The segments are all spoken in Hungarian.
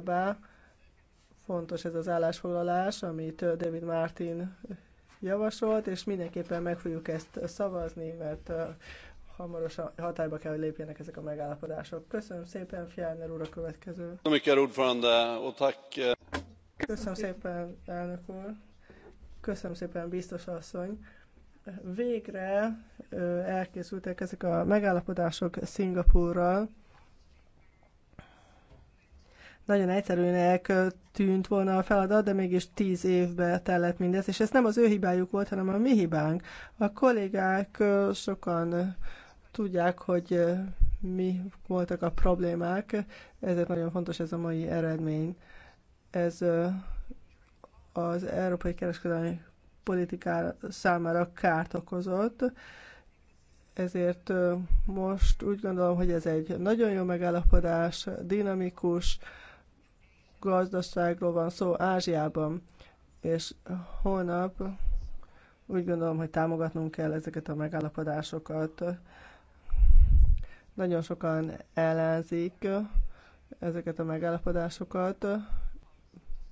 be. fontos ez az állásfoglalás, amit David Martin javasolt, és mindenképpen meg fogjuk ezt szavazni, mert hamarosan hatályba kell, hogy lépjenek ezek a megállapodások. Köszönöm szépen, Fjellner úr, a következő. Köszönöm szépen, elnök úr. Köszönöm szépen, biztos asszony. Végre elkészültek ezek a megállapodások Szingapúrral, nagyon egyszerűnek tűnt volna a feladat, de mégis tíz évbe tellett mindez, és ez nem az ő hibájuk volt, hanem a mi hibánk. A kollégák sokan tudják, hogy mi voltak a problémák, ezért nagyon fontos ez a mai eredmény. Ez az európai kereskedelmi politikára számára kárt okozott, ezért most úgy gondolom, hogy ez egy nagyon jó megállapodás, dinamikus, gazdaságról van szó Ázsiában, és holnap úgy gondolom, hogy támogatnunk kell ezeket a megállapodásokat. Nagyon sokan ellenzik ezeket a megállapodásokat,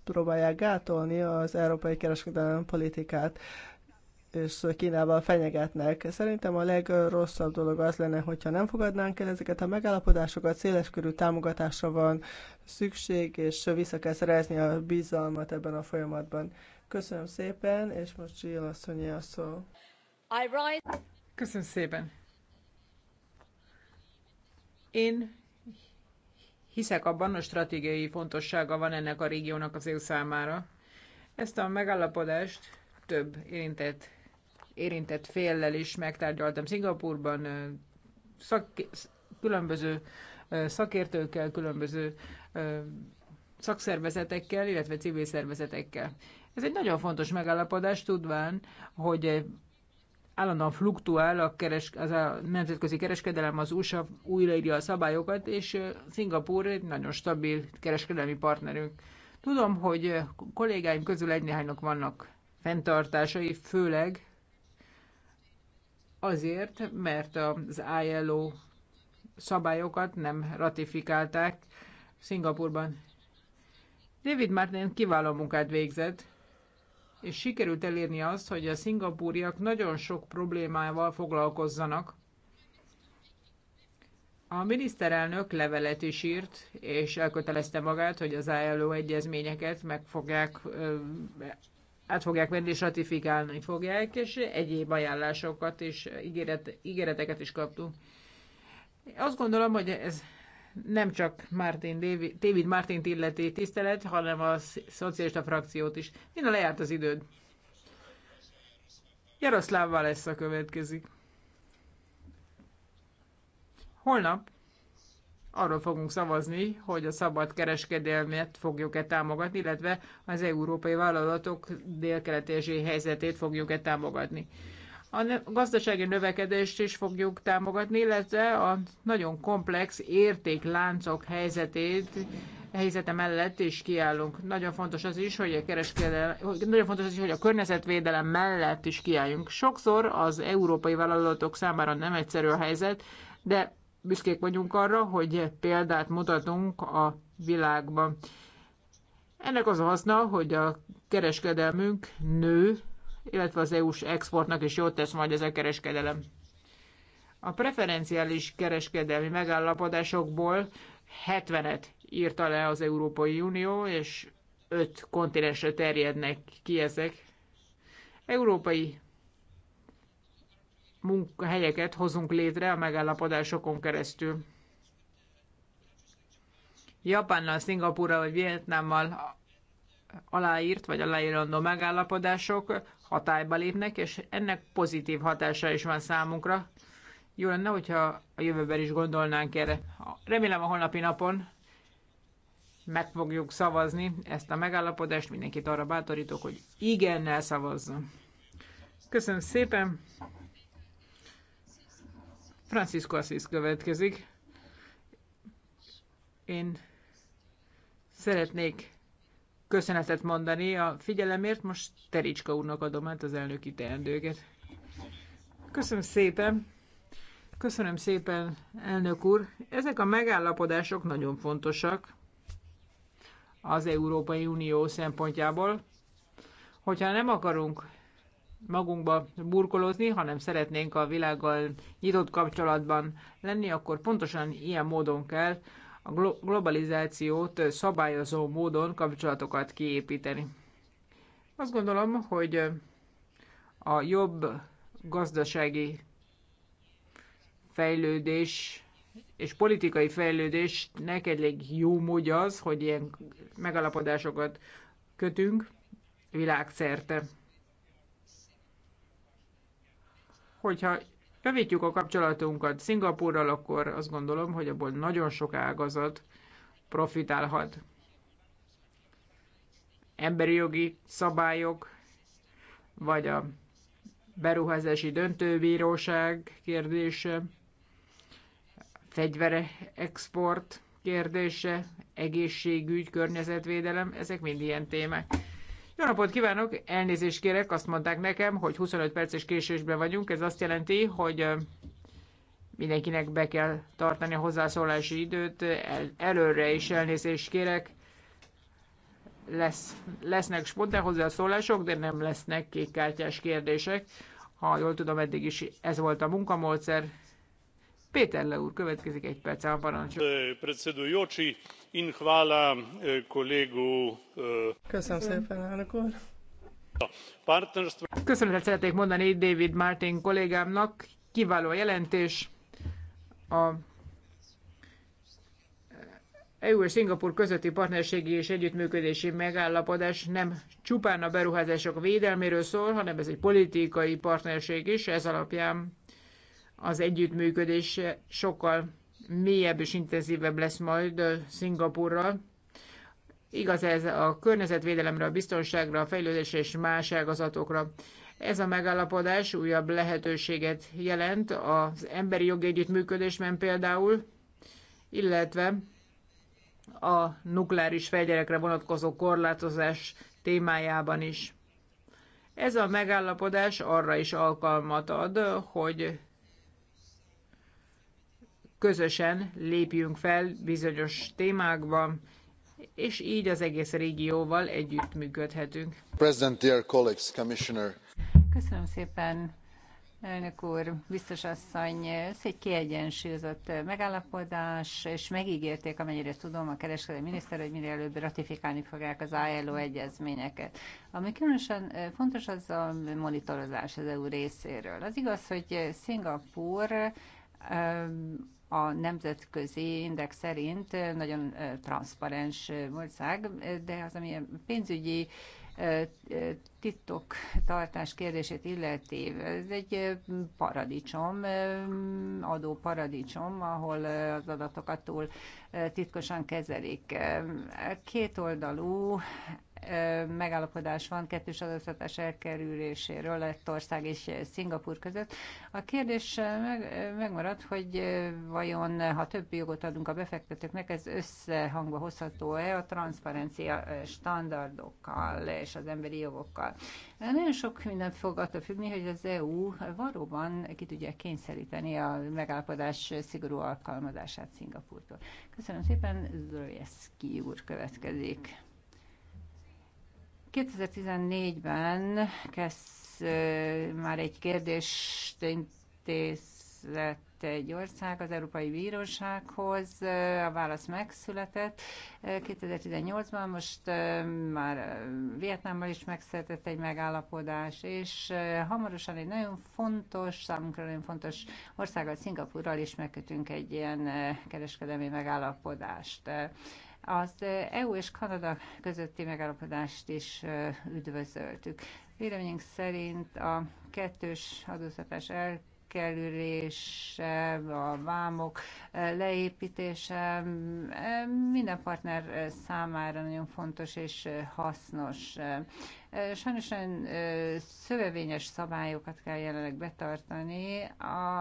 próbálják gátolni az európai kereskedelmi politikát és Kínával fenyegetnek. Szerintem a legrosszabb dolog az lenne, hogyha nem fogadnánk el ezeket a megállapodásokat, széleskörű támogatásra van szükség, és vissza kell szerezni a bizalmat ebben a folyamatban. Köszönöm szépen, és most Jill asszonyi a szó. Köszönöm szépen. Én hiszek abban, hogy stratégiai fontossága van ennek a régiónak az EU számára. Ezt a megállapodást több érintett érintett féllel is megtárgyaltam Szingapurban, szak, különböző szakértőkkel, különböző szakszervezetekkel, illetve civil szervezetekkel. Ez egy nagyon fontos megállapodás, tudván, hogy állandóan fluktuál a keres, az a nemzetközi kereskedelem, az USA újraírja a szabályokat, és Szingapúr egy nagyon stabil kereskedelmi partnerünk. Tudom, hogy kollégáim közül egy néhánynak vannak fenntartásai, főleg Azért, mert az ILO szabályokat nem ratifikálták Szingapurban. David Martin kiváló munkát végzett, és sikerült elérni azt, hogy a szingapúriak nagyon sok problémával foglalkozzanak. A miniszterelnök levelet is írt, és elkötelezte magát, hogy az ILO egyezményeket meg fogják át fogják venni és ratifikálni fogják, és egyéb ajánlásokat és ígéret, ígéreteket is kaptunk. Azt gondolom, hogy ez nem csak Martin David, David Martin illeti tisztelet, hanem a szocialista frakciót is. Minden lejárt az időd. lesz a következik. Holnap arról fogunk szavazni, hogy a szabad kereskedelmet fogjuk-e támogatni, illetve az európai vállalatok délkelet helyzetét fogjuk-e támogatni. A gazdasági növekedést is fogjuk támogatni, illetve a nagyon komplex értékláncok helyzetét, helyzete mellett is kiállunk. Nagyon fontos az is, hogy a kereskedelem, nagyon fontos az is, hogy a környezetvédelem mellett is kiálljunk. Sokszor az európai vállalatok számára nem egyszerű a helyzet, de büszkék vagyunk arra, hogy példát mutatunk a világban. Ennek az a haszna, hogy a kereskedelmünk nő, illetve az EU-s exportnak is jót tesz majd ez a kereskedelem. A preferenciális kereskedelmi megállapodásokból 70-et írta le az Európai Unió, és 5 kontinensre terjednek ki ezek. Európai munkahelyeket hozunk létre a megállapodásokon keresztül. Japánnal, Szingapúrral vagy Vietnámmal aláírt vagy aláírandó megállapodások hatályba lépnek, és ennek pozitív hatása is van számunkra. Jó lenne, hogyha a jövőben is gondolnánk erre. Remélem a holnapi napon meg fogjuk szavazni ezt a megállapodást. Mindenkit arra bátorítok, hogy igennel szavazzon. Köszönöm szépen! Francisco Assis következik. Én szeretnék köszönetet mondani a figyelemért, most Tericska úrnak adom át az elnöki teendőket. Köszönöm szépen! Köszönöm szépen, elnök úr! Ezek a megállapodások nagyon fontosak az Európai Unió szempontjából. Hogyha nem akarunk magunkba burkolózni, hanem szeretnénk a világgal nyitott kapcsolatban lenni, akkor pontosan ilyen módon kell a globalizációt szabályozó módon kapcsolatokat kiépíteni. Azt gondolom, hogy a jobb gazdasági fejlődés és politikai fejlődésnek egy jó módja az, hogy ilyen megalapodásokat kötünk világszerte. hogyha javítjuk a kapcsolatunkat Szingapúrral, akkor azt gondolom, hogy abból nagyon sok ágazat profitálhat. Emberi jogi szabályok, vagy a beruházási döntőbíróság kérdése, fegyvere export kérdése, egészségügy, környezetvédelem, ezek mind ilyen témák. Jó napot kívánok, elnézést kérek, azt mondták nekem, hogy 25 perces késésben vagyunk, ez azt jelenti, hogy mindenkinek be kell tartani a hozzászólási időt, El, előre is elnézést kérek, lesz, lesznek spontán hozzászólások, de nem lesznek kékkártyás kérdések. Ha jól tudom, eddig is ez volt a munkamódszer, Péter úr, következik egy perc Köszönöm szépen, Köszönetet szeretnék mondani David Martin kollégámnak. Kiváló a jelentés. A EU és Szingapur közötti partnerségi és együttműködési megállapodás nem csupán a beruházások védelméről szól, hanem ez egy politikai partnerség is, ez alapján az együttműködés sokkal mélyebb és intenzívebb lesz majd Szingapurral. Igaz ez a környezetvédelemre, a biztonságra, a fejlődésre és más ágazatokra. Ez a megállapodás újabb lehetőséget jelent az emberi jogi együttműködésben például, illetve a nukleáris fegyverekre vonatkozó korlátozás témájában is. Ez a megállapodás arra is alkalmat ad, hogy közösen lépjünk fel bizonyos témákban, és így az egész régióval együttműködhetünk. Köszönöm szépen, elnök úr, biztos asszony. Ez egy kiegyensúlyozott megállapodás, és megígérték, amennyire tudom, a kereskedelmi miniszter, hogy minél előbb ratifikálni fogják az ILO egyezményeket. Ami különösen fontos, az a monitorozás az EU részéről. Az igaz, hogy Szingapúr a nemzetközi index szerint nagyon transzparens ország, de az, ami a pénzügyi tartás kérdését illeti, ez egy paradicsom, adó paradicsom, ahol az adatokat túl titkosan kezelik. Kétoldalú megállapodás van kettős adóztatás elkerüléséről Lettország és Szingapur között. A kérdés meg, megmarad, hogy vajon ha több jogot adunk a befektetőknek, ez összehangba hozható-e a transzparencia standardokkal és az emberi jogokkal. Nagyon sok minden fog attól függni, hogy az EU valóban ki tudja kényszeríteni a megállapodás szigorú alkalmazását Szingapurtól. Köszönöm szépen, Zöljeszki úr következik. 2014-ben kezd már egy kérdést intézett egy ország az Európai Bírósághoz, a válasz megszületett 2018-ban, most már Vietnámmal is megszületett egy megállapodás, és hamarosan egy nagyon fontos, számunkra nagyon fontos országgal, Szingapurral is megkötünk egy ilyen kereskedelmi megállapodást. Az EU és Kanada közötti megállapodást is üdvözöltük. Véleményünk szerint a kettős adóztatás el megkerülése, a vámok eh, leépítése eh, minden partner eh, számára nagyon fontos és hasznos. Sajnos olyan szövevényes szabályokat kell jelenleg betartani,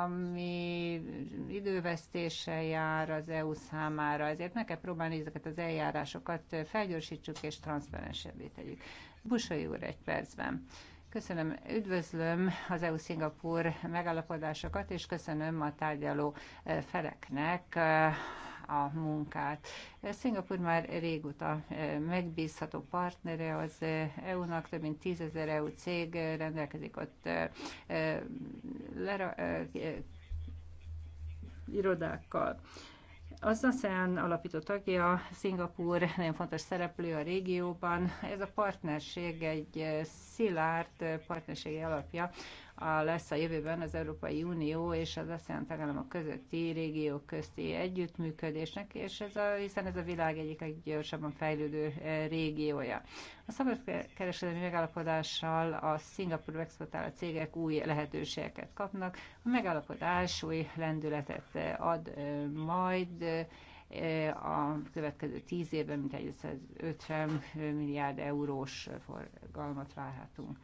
ami idővesztéssel jár az EU számára, ezért meg kell próbálni ezeket az eljárásokat felgyorsítsuk és transzparensebbé tegyük. Busai úr egy percben. Köszönöm, üdvözlöm az EU-Szingapur megállapodásokat, és köszönöm a tárgyaló eh, feleknek eh, a munkát. Szingapur már régóta eh, megbízható partnere az EU-nak, több mint tízezer EU cég rendelkezik ott lera, irodákkal. Az ASEAN alapító tagja, Szingapúr nagyon fontos szereplő a régióban. Ez a partnerség egy szilárd partnerségi alapja a, lesz a jövőben az Európai Unió és az ASEAN tagállamok közötti régiók közti együttműködésnek, és ez a, hiszen ez a világ egyik leggyorsabban fejlődő eh, régiója. A szabadkereskedelmi megállapodással a Szingapur exportáló cégek új lehetőségeket kapnak, a megállapodás új lendületet eh, ad eh, majd, a következő tíz évben mintegy 50 milliárd eurós forgalmat várhatunk.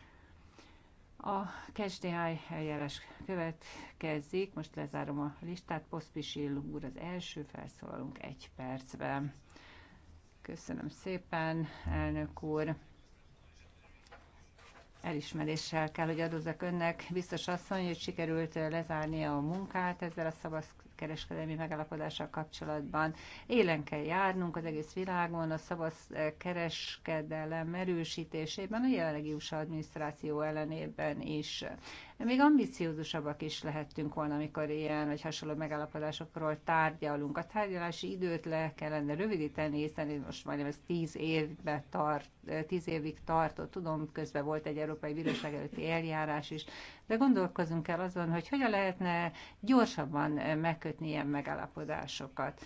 A KSDI eljárás következik. Most lezárom a listát. Poszpisil úr az első felszólalunk egy percben. Köszönöm szépen, elnök úr. Elismeréssel kell, hogy adózzak önnek. Biztos asszony, hogy sikerült lezárni a munkát ezzel a szabadkereskedelmi megállapodással kapcsolatban. Élen kell járnunk az egész világon, a szabad kereskedelem erősítésében, a jelenlegi USA adminisztráció ellenében is. Még ambiciózusabbak is lehettünk volna, amikor ilyen vagy hasonló megállapodásokról tárgyalunk. A tárgyalási időt le kellene rövidíteni, hiszen most majdnem ez tíz, évbe tart, tíz évig tartott. Tudom, közben volt egy Európai Bíróság előtti eljárás is, de gondolkozunk el azon, hogy hogyan lehetne gyorsabban megkötni ilyen megállapodásokat.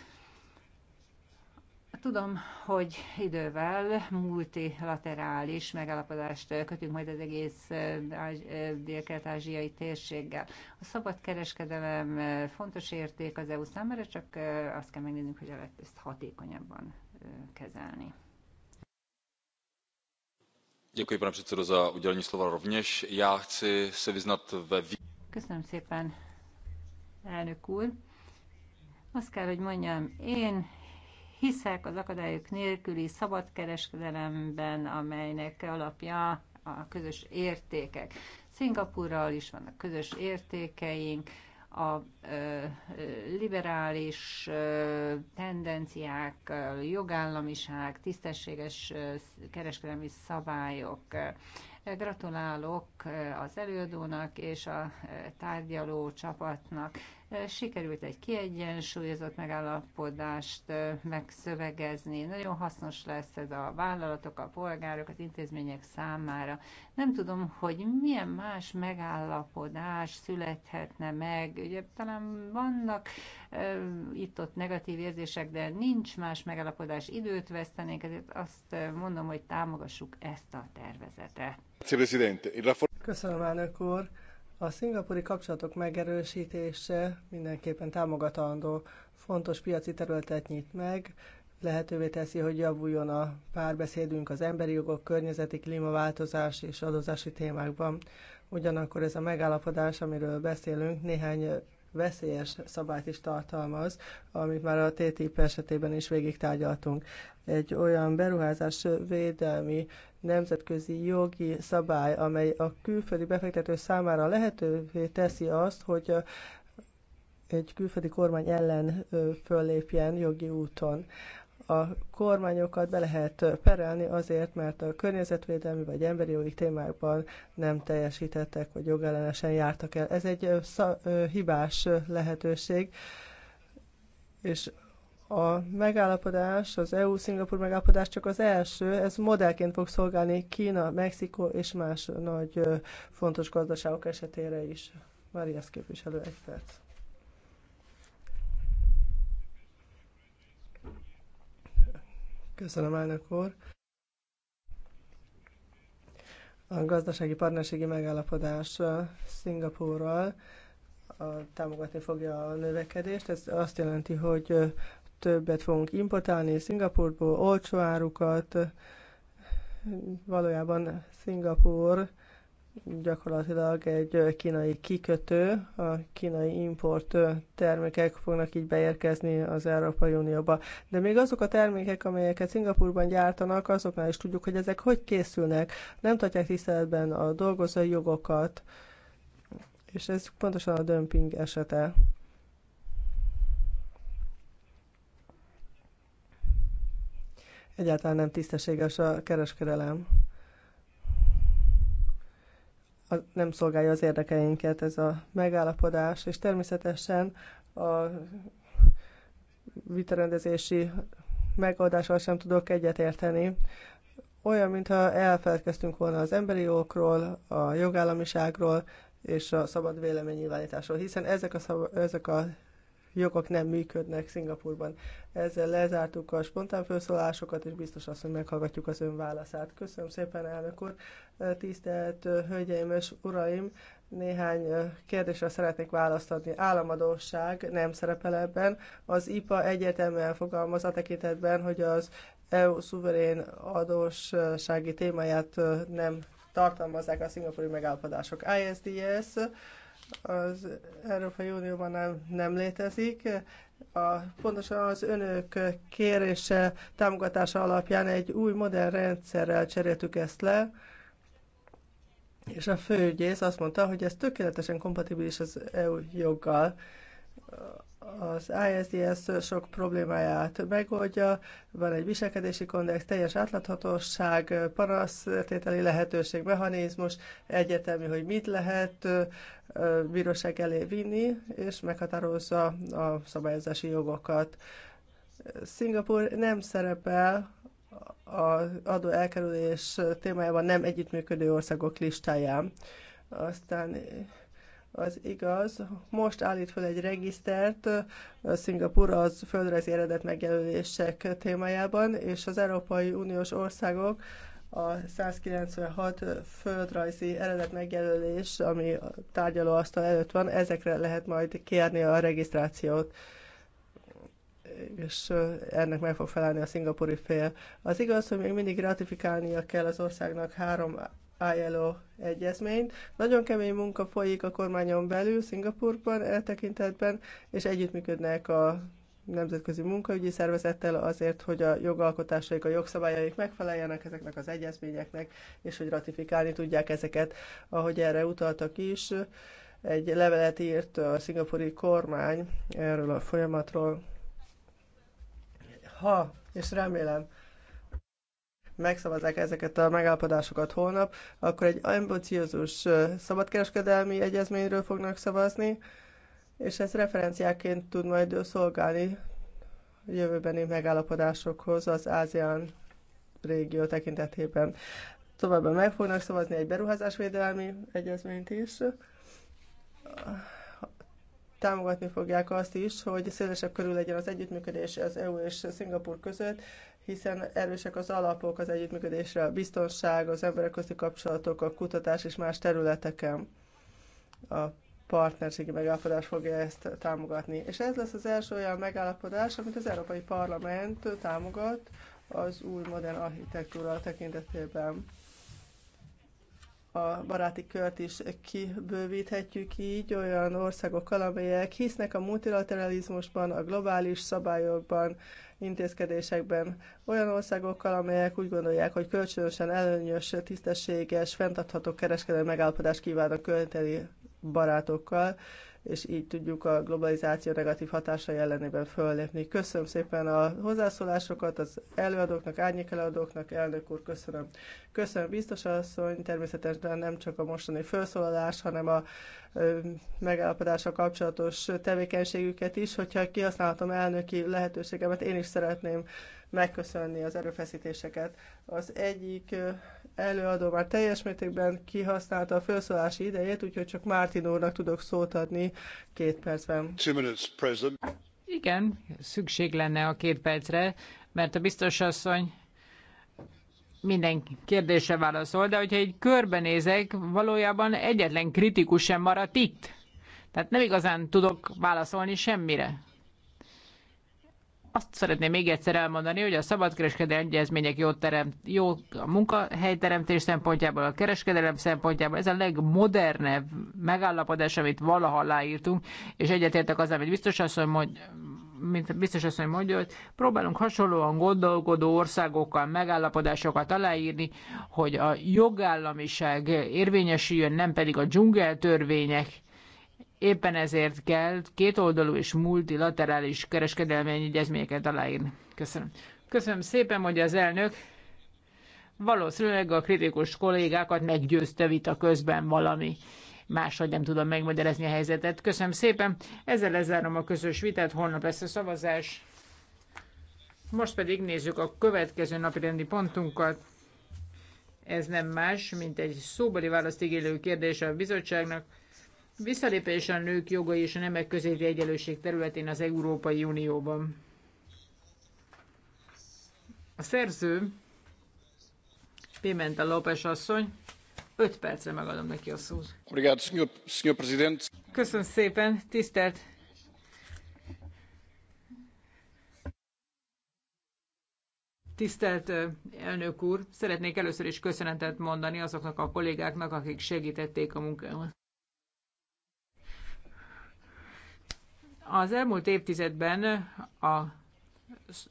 Tudom, hogy idővel multilaterális megállapodást kötünk majd az egész dél-kelet-ázsiai térséggel. A szabad kereskedelem fontos érték az EU számára, csak azt kell megnéznünk, hogy lehet ezt hatékonyabban kezelni. Děkuji, pane předsedo, za udělení slova rovněž. Já chci se vyznat ve... Köszönöm szépen, elnök úr. Azt kell, hogy mondjam, én hiszek az akadályok nélküli szabad kereskedelemben, amelynek alapja a közös értékek. Szingapurral is vannak közös értékeink, a ö, liberális ö, tendenciák, ö, jogállamiság, tisztességes ö, kereskedelmi szabályok. Gratulálok az előadónak és a tárgyaló csapatnak sikerült egy kiegyensúlyozott megállapodást megszövegezni. Nagyon hasznos lesz ez a vállalatok, a polgárok, az intézmények számára. Nem tudom, hogy milyen más megállapodás születhetne meg. Ugye talán vannak itt-ott negatív érzések, de nincs más megállapodás. Időt vesztenénk, ezért azt mondom, hogy támogassuk ezt a tervezetet. Köszönöm, elnök úr! A szingapúri kapcsolatok megerősítése mindenképpen támogatandó, fontos piaci területet nyit meg, lehetővé teszi, hogy javuljon a párbeszédünk az emberi jogok, környezeti klímaváltozás és adózási témákban. Ugyanakkor ez a megállapodás, amiről beszélünk, néhány veszélyes szabályt is tartalmaz, amit már a TTIP esetében is végig tárgyaltunk. Egy olyan beruházás védelmi nemzetközi jogi szabály, amely a külföldi befektető számára lehetővé teszi azt, hogy egy külföldi kormány ellen föllépjen jogi úton a kormányokat be lehet perelni azért, mert a környezetvédelmi vagy emberi jogi témákban nem teljesítettek, vagy jogellenesen jártak el. Ez egy hibás lehetőség, és a megállapodás, az EU-Szingapur megállapodás csak az első, ez modellként fog szolgálni Kína, Mexikó és más nagy fontos gazdaságok esetére is. Marias képviselő, egy perc. Köszönöm, elnök úr. A gazdasági partnerségi megállapodás Szingapúrral támogatni fogja a növekedést. Ez azt jelenti, hogy többet fogunk importálni Szingapurból, olcsó árukat. Valójában Szingapúr gyakorlatilag egy kínai kikötő, a kínai import termékek fognak így beérkezni az Európai Unióba. De még azok a termékek, amelyeket Szingapurban gyártanak, azoknál is tudjuk, hogy ezek hogy készülnek, nem tartják tiszteletben a dolgozói jogokat, és ez pontosan a dömping esete. Egyáltalán nem tisztességes a kereskedelem nem szolgálja az érdekeinket ez a megállapodás, és természetesen a vitarendezési megoldással sem tudok egyetérteni. Olyan, mintha elfeledkeztünk volna az emberi jogokról, a jogállamiságról és a szabad véleménynyilvánításról, hiszen ezek a, szab- ezek a jogok nem működnek Szingapurban. Ezzel lezártuk a spontán felszólásokat, és biztos azt, hogy meghallgatjuk az ön válaszát. Köszönöm szépen, elnök úr. Tisztelt hölgyeim és uraim, néhány kérdésre szeretnék választ adni. Államadóság nem szerepel ebben. Az IPA egyértelműen fogalmaz a tekintetben, hogy az EU szuverén adóssági témáját nem tartalmazzák a szingapúri megállapodások. ISDS az Európai Unióban nem, nem létezik. A, pontosan az önök kérése, támogatása alapján egy új modern rendszerrel cseréltük ezt le, és a főügyész azt mondta, hogy ez tökéletesen kompatibilis az EU joggal az ISDS sok problémáját megoldja, van egy viselkedési kondex, teljes átláthatóság, panasztételi lehetőség, mechanizmus, egyetemű, hogy mit lehet bíróság elé vinni, és meghatározza a szabályozási jogokat. Szingapur nem szerepel az adó elkerülés témájában nem együttműködő országok listáján. Aztán az igaz. Most állít fel egy regisztert Szingapur az földrajzi eredet megjelölések témájában, és az Európai Uniós országok a 196 földrajzi eredet megjelölés, ami a tárgyalóasztal előtt van, ezekre lehet majd kérni a regisztrációt és ennek meg fog felállni a szingapúri fél. Az igaz, hogy még mindig ratifikálnia kell az országnak három ILO egyezményt. Nagyon kemény munka folyik a kormányon belül, Szingapurban e tekintetben, és együttműködnek a nemzetközi munkaügyi szervezettel azért, hogy a jogalkotásaik, a jogszabályaik megfeleljenek ezeknek az egyezményeknek, és hogy ratifikálni tudják ezeket, ahogy erre utaltak is. Egy levelet írt a szingapúri kormány erről a folyamatról. Ha, és remélem, megszavazzák ezeket a megállapodásokat holnap, akkor egy ambiciózus szabadkereskedelmi egyezményről fognak szavazni, és ez referenciáként tud majd szolgálni jövőbeni megállapodásokhoz az ASEAN régió tekintetében. Továbbá meg fognak szavazni egy beruházásvédelmi egyezményt is. Támogatni fogják azt is, hogy szélesebb körül legyen az együttműködés az EU és Szingapur között, hiszen erősek az alapok az együttműködésre, a biztonság, az emberek közti kapcsolatok, a kutatás és más területeken. A partnerségi megállapodás fogja ezt támogatni. És ez lesz az első olyan megállapodás, amit az Európai Parlament támogat az új modern architektúra tekintetében. A baráti kört is kibővíthetjük így olyan országokkal, amelyek hisznek a multilateralizmusban, a globális szabályokban, intézkedésekben. Olyan országokkal, amelyek úgy gondolják, hogy kölcsönösen előnyös, tisztességes, fenntartható kereskedelmi megállapodást kívánnak költeni barátokkal, és így tudjuk a globalizáció negatív hatásai ellenében föllépni. Köszönöm szépen a hozzászólásokat az előadóknak, árnyék előadóknak, elnök úr, köszönöm. Köszönöm, biztos asszony, természetesen nem csak a mostani felszólalás, hanem a megállapodással kapcsolatos tevékenységüket is. Hogyha kihasználhatom elnöki lehetőségemet, én is szeretném megköszönni az erőfeszítéseket. Az egyik előadó már teljes mértékben kihasználta a felszólási idejét, úgyhogy csak Mártin úrnak tudok szót adni két percben. Igen, szükség lenne a két percre, mert a biztos asszony minden kérdése válaszol, de hogyha egy körbenézek, valójában egyetlen kritikus sem maradt itt. Tehát nem igazán tudok válaszolni semmire azt szeretném még egyszer elmondani, hogy a szabadkereskedelmi egyezmények jó, teremt, jó a munkahelyteremtés szempontjából, a kereskedelem szempontjából. Ez a legmodernebb megállapodás, amit valaha aláírtunk, és egyetértek azzal, amit biztos asszony mond, mint biztos asszony mondja, hogy próbálunk hasonlóan gondolkodó országokkal megállapodásokat aláírni, hogy a jogállamiság érvényesüljön, nem pedig a dzsungeltörvények Éppen ezért kell kétoldalú és multilaterális kereskedelmi egyezményeket aláírni. Köszönöm. Köszönöm szépen, hogy az elnök valószínűleg a kritikus kollégákat meggyőzte vita közben valami. Máshogy nem tudom megmagyarázni a helyzetet. Köszönöm szépen. Ezzel lezárom a közös vitát. Holnap lesz a szavazás. Most pedig nézzük a következő napi rendi pontunkat. Ez nem más, mint egy szóbeli választ igélő kérdése a bizottságnak. Visszalépés a nők jogai és a nemek közötti egyenlőség területén az Európai Unióban. A szerző, Pimenta López asszony, 5 percre megadom neki a szót. Köszönöm szépen, tisztelt Tisztelt eh, elnök úr, szeretnék először is köszönetet mondani azoknak a kollégáknak, akik segítették a munkámat. Az elmúlt évtizedben a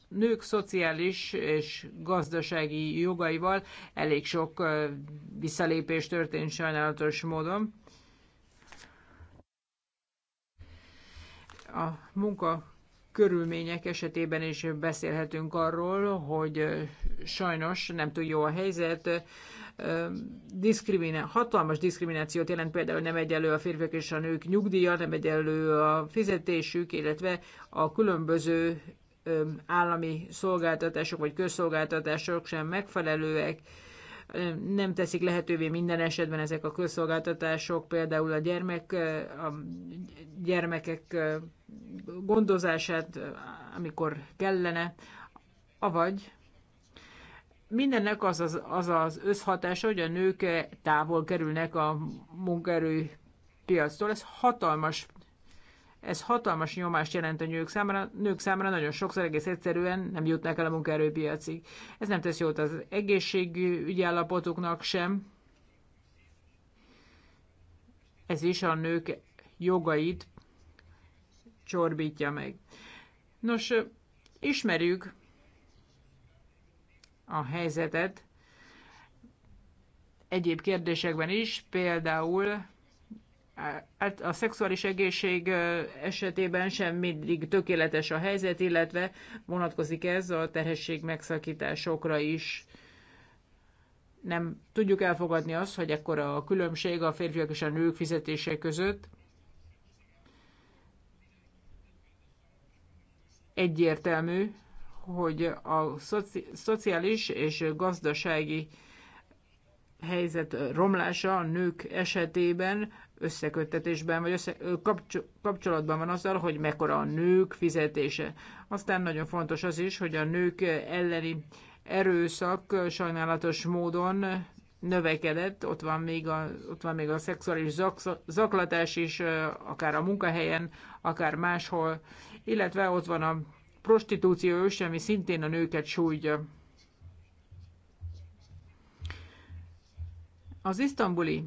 nők szociális és gazdasági jogaival elég sok visszalépés történt sajnálatos módon. A munka körülmények esetében is beszélhetünk arról, hogy sajnos nem túl jó a helyzet, diszkriminá- hatalmas diszkriminációt jelent például nem egyenlő a férfiak és a nők nyugdíja, nem egyenlő a fizetésük, illetve a különböző állami szolgáltatások vagy közszolgáltatások sem megfelelőek, nem teszik lehetővé minden esetben ezek a közszolgáltatások, például a, gyermek, a gyermekek gondozását, amikor kellene, avagy Mindennek az az, az, az összhatása, hogy a nők távol kerülnek a munkaerő piactól. Ez hatalmas ez hatalmas nyomást jelent a nők számára, nők számára nagyon sokszor egész egyszerűen nem jutnak el a munkaerőpiacig. Ez nem tesz jót az egészségügyi állapotuknak sem. Ez is a nők jogait csorbítja meg. Nos, ismerjük a helyzetet egyéb kérdésekben is, például hát a szexuális egészség esetében sem mindig tökéletes a helyzet, illetve vonatkozik ez a terhesség megszakításokra is. Nem tudjuk elfogadni azt, hogy akkor a különbség a férfiak és a nők fizetése között. Egyértelmű, hogy a szoci, szociális és gazdasági helyzet romlása a nők esetében összeköttetésben vagy össze, kapcsolatban van azzal, hogy mekkora a nők fizetése. Aztán nagyon fontos az is, hogy a nők elleni erőszak sajnálatos módon növekedett, ott van még a, ott van még a szexuális zak, zaklatás is, akár a munkahelyen, akár máshol, illetve ott van a prostitúció őse, ami szintén a nőket sújtja. Az isztambuli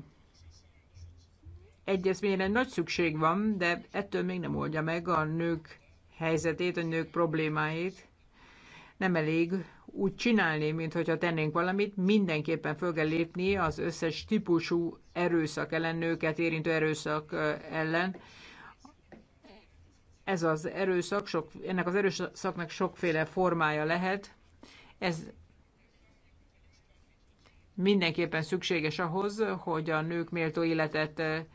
egyezményre nagy szükség van, de ettől még nem oldja meg a nők helyzetét, a nők problémáit. Nem elég úgy csinálni, mint tennénk valamit, mindenképpen föl kell lépni az összes típusú erőszak ellen, nőket érintő erőszak eh, ellen ez az erőszak, sok, ennek az erőszaknak sokféle formája lehet. Ez mindenképpen szükséges ahhoz, hogy a nők méltó életet eh,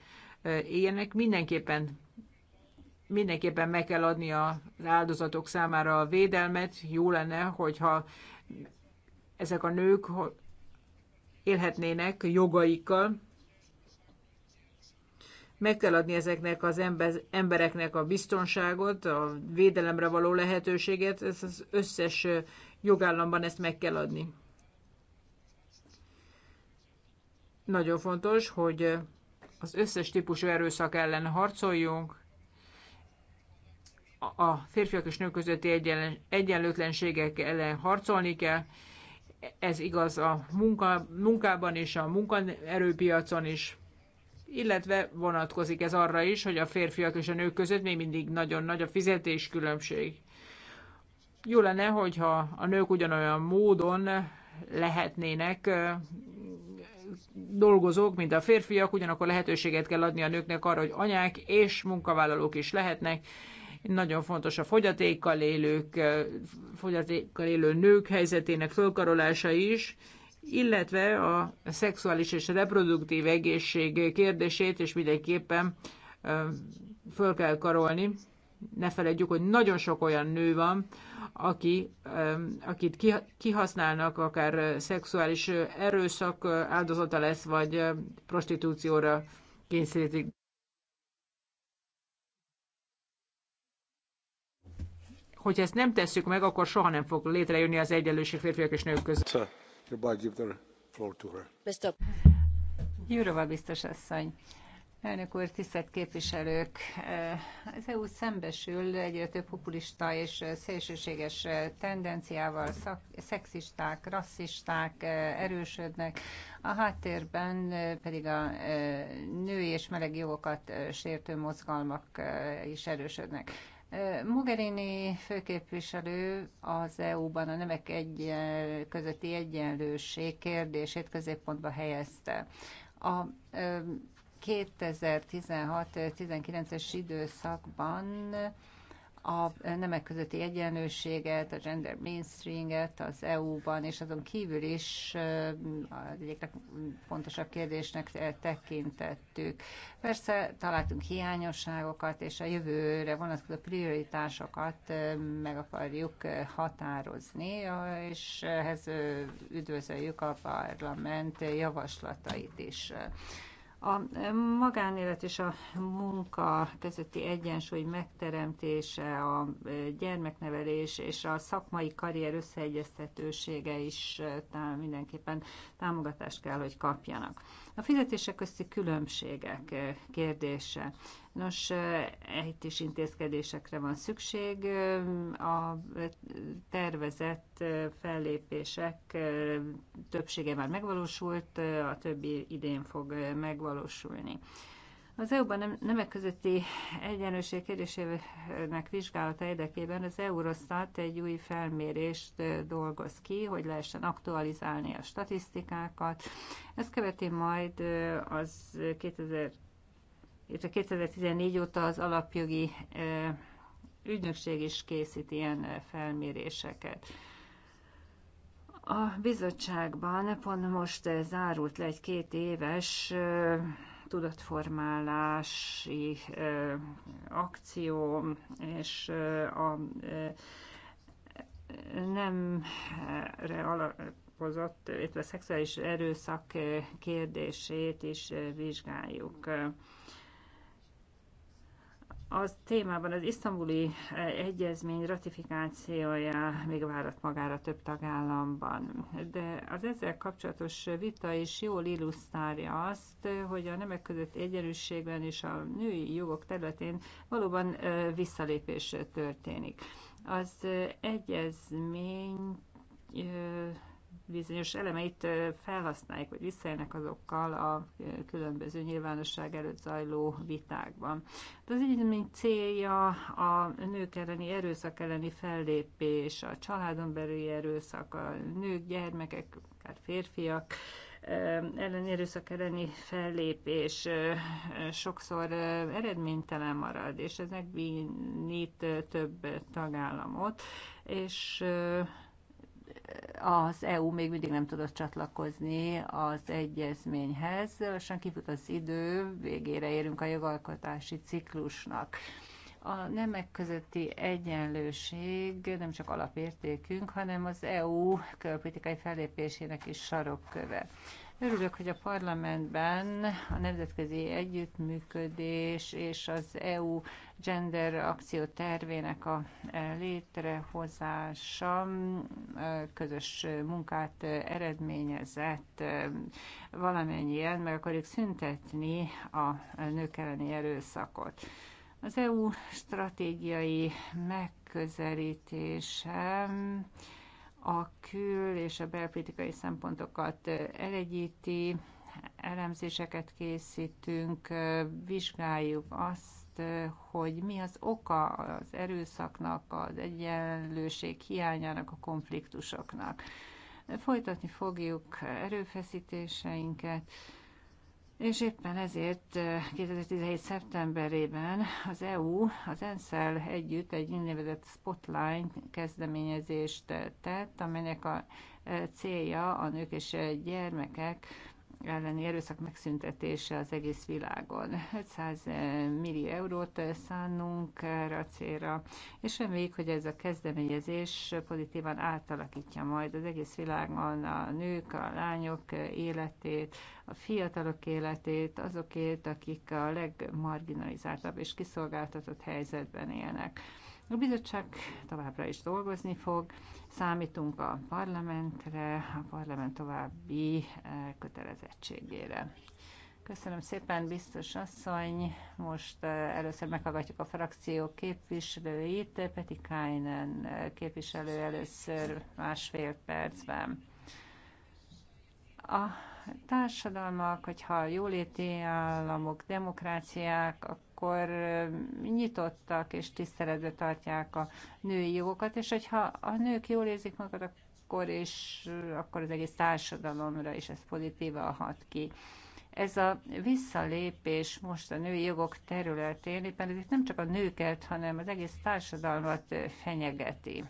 éljenek. Mindenképpen, mindenképpen meg kell adni az áldozatok számára a védelmet. Jó lenne, hogyha ezek a nők élhetnének jogaikkal, meg kell adni ezeknek az embereknek a biztonságot, a védelemre való lehetőséget, ez az összes jogállamban ezt meg kell adni. Nagyon fontos, hogy az összes típusú erőszak ellen harcoljunk, a férfiak és nők közötti egyenlőtlenségek ellen harcolni kell. Ez igaz a munka, munkában és a munkaerőpiacon is illetve vonatkozik ez arra is, hogy a férfiak és a nők között még mindig nagyon nagy a fizetés különbség. Jó lenne, hogyha a nők ugyanolyan módon lehetnének dolgozók, mint a férfiak, ugyanakkor lehetőséget kell adni a nőknek arra, hogy anyák és munkavállalók is lehetnek. Nagyon fontos a fogyatékkal élők, fogyatékkal élő nők helyzetének fölkarolása is, illetve a szexuális és reproduktív egészség kérdését, és mindenképpen föl kell karolni. Ne felejtjük, hogy nagyon sok olyan nő van, aki, akit kihasználnak, akár szexuális erőszak áldozata lesz, vagy prostitúcióra kényszerítik. Hogyha ezt nem tesszük meg, akkor soha nem fog létrejönni az egyenlőség férfiak és nők között. Jurova biztos asszony. Elnök úr, tisztelt képviselők! Eh, az EU szembesül egyre több populista és eh, szélsőséges eh, tendenciával, szexisták, rasszisták erősödnek, a háttérben pedig a női és meleg jogokat sértő mozgalmak is erősödnek. Mogherini főképviselő az EU-ban a nemek egy, közötti egyenlőség kérdését középpontba helyezte. A 2016-19-es időszakban a nemek közötti egyenlőséget, a gender mainstreaminget az EU-ban, és azon kívül is az egyik legfontosabb kérdésnek tekintettük. Persze találtunk hiányosságokat, és a jövőre vonatkozó prioritásokat meg akarjuk határozni, és ehhez üdvözöljük a parlament javaslatait is. A magánélet és a munka közötti egyensúly megteremtése, a gyermeknevelés és a szakmai karrier összeegyeztetősége is eh, mindenképpen támogatást kell, hogy kapjanak. A fizetések közti különbségek kérdése. Nos, itt is intézkedésekre van szükség. A tervezett fellépések többsége már megvalósult, a többi idén fog megvalósulni. Az EU-ban nem, nemek közötti egyenlőség kérdésének vizsgálata érdekében az Eurostat egy új felmérést dolgoz ki, hogy lehessen aktualizálni a statisztikákat. Ezt követi majd az 2000, 2014 óta az alapjogi ügynökség is készít ilyen felméréseket. A bizottságban pont most zárult le egy két éves tudatformálási akció és a nem alapozott, illetve szexuális erőszak kérdését is vizsgáljuk az témában az isztambuli eh, egyezmény ratifikációja még várat magára több tagállamban, de az ezzel kapcsolatos vita is jól illusztrálja azt, hogy a nemek között egyenlőségben és a női jogok területén valóban eh, visszalépés történik. Az eh, egyezmény bizonyos elemeit felhasználják, vagy visszaélnek azokkal a különböző nyilvánosság előtt zajló vitákban. De az intézmény célja a nők elleni erőszak elleni fellépés, a családon belüli erőszak, a nők, gyermekek, akár férfiak, ellen erőszak elleni fellépés sokszor eredménytelen marad, és ez megvinít több tagállamot, és az EU még mindig nem tudott csatlakozni az egyezményhez. Lassan kifut az idő, végére érünk a jogalkotási ciklusnak. A nemek közötti egyenlőség nem csak alapértékünk, hanem az EU külpolitikai fellépésének is sarokköve. Örülök, hogy a parlamentben a nemzetközi együttműködés és az EU gender tervének a létrehozása közös munkát eredményezett. Valamennyien meg akarjuk szüntetni a nők elleni erőszakot. Az EU stratégiai megközelítése a kül- és a belpolitikai szempontokat elegyíti, elemzéseket készítünk, vizsgáljuk azt, hogy mi az oka az erőszaknak, az egyenlőség hiányának, a konfliktusoknak. Folytatni fogjuk erőfeszítéseinket, és éppen ezért 2017. Eh, szeptemberében az EU az ensz együtt egy úgynevezett Spotline kezdeményezést tett, amelynek a eh, célja a nők és gyermekek elleni erőszak megszüntetése az egész világon. 500 eh, millió eurót eh, szánunk erre a célra, és reméljük, hogy ez a kezdeményezés pozitívan átalakítja majd az egész világon a nők, a lányok eh, életét, a fiatalok életét, azokét, akik a legmarginalizáltabb és kiszolgáltatott helyzetben élnek. A bizottság továbbra is dolgozni fog, számítunk a parlamentre, a parlament további eh, kötelezettségére. Köszönöm szépen, biztos asszony. Most eh, először meghallgatjuk a frakció képviselőit. Peti Kájnen eh, képviselő először másfél percben. A társadalmak, hogyha jóléti államok, demokráciák, akkor nyitottak és tiszteletbe tartják a női jogokat, és hogyha a nők jól érzik magukat, akkor, és, akkor az egész társadalomra is ez pozitívan hat ki ez a visszalépés most a női jogok területén éppen itt nem csak a nőket, hanem az egész társadalmat fenyegeti.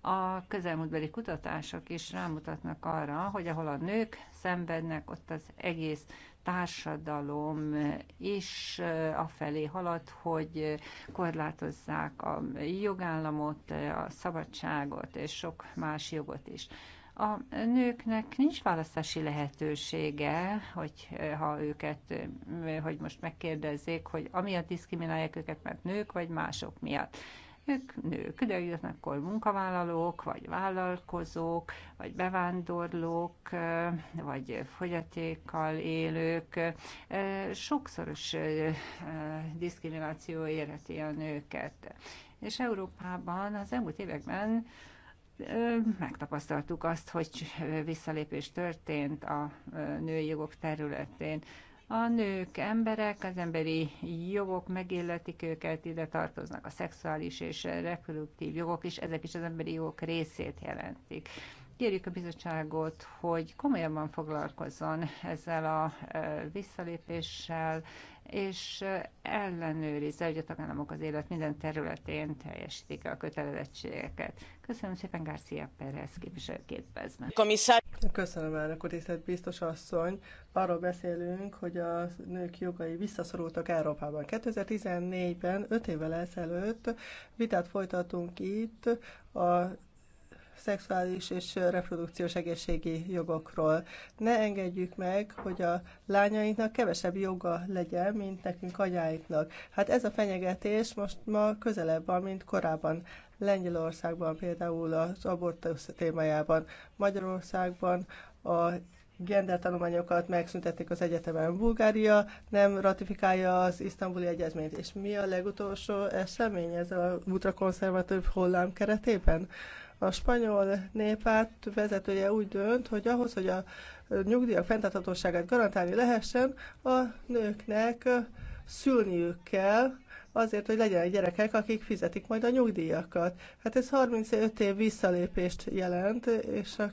A közelmúltbeli kutatások is rámutatnak arra, hogy ahol a nők szenvednek, ott az egész társadalom is eh, afelé halad, hogy korlátozzák a jogállamot, a szabadságot és sok más jogot is. A nőknek nincs választási lehetősége, hogy eh, ha őket, eh, hogy most megkérdezzék, hogy amiatt diszkriminálják őket, mert nők, vagy mások miatt. Ők nők, de ők akkor munkavállalók, vagy vállalkozók, vagy bevándorlók, vagy fogyatékkal élők. Sokszoros diszkrimináció érheti a nőket. És Európában az elmúlt években megtapasztaltuk azt, hogy visszalépés történt a női jogok területén. A nők, emberek, az emberi jogok megilletik őket, ide tartoznak a szexuális és reproduktív jogok is, ezek is az emberi jogok részét jelentik kérjük a bizottságot, hogy komolyabban foglalkozzon ezzel a e, visszalépéssel, és e, ellenőrizze, hogy a tagállamok az élet minden területén teljesítik a kötelezettségeket. Köszönöm szépen García Pérez képviselő két Köszönöm elnök úr, tisztelt biztos asszony. Arról beszélünk, hogy a nők jogai visszaszorultak Európában. 2014-ben, 5 évvel ezelőtt vitát folytatunk itt a szexuális és reprodukciós egészségi jogokról. Ne engedjük meg, hogy a lányainknak kevesebb joga legyen, mint nekünk anyáinknak. Hát ez a fenyegetés most ma közelebb van, mint korábban. Lengyelországban például az abortusz témájában, Magyarországban a gendertanulmányokat megszüntették az egyetemen. Bulgária nem ratifikálja az isztambuli egyezményt. És mi a legutolsó esemény ez a ultrakonzervatív hollám keretében? A spanyol néppárt vezetője úgy dönt, hogy ahhoz, hogy a nyugdíjak fenntarthatóságát garantálni lehessen, a nőknek szülniük kell, azért, hogy legyenek gyerekek, akik fizetik majd a nyugdíjakat. Hát ez 35 év visszalépést jelent, és a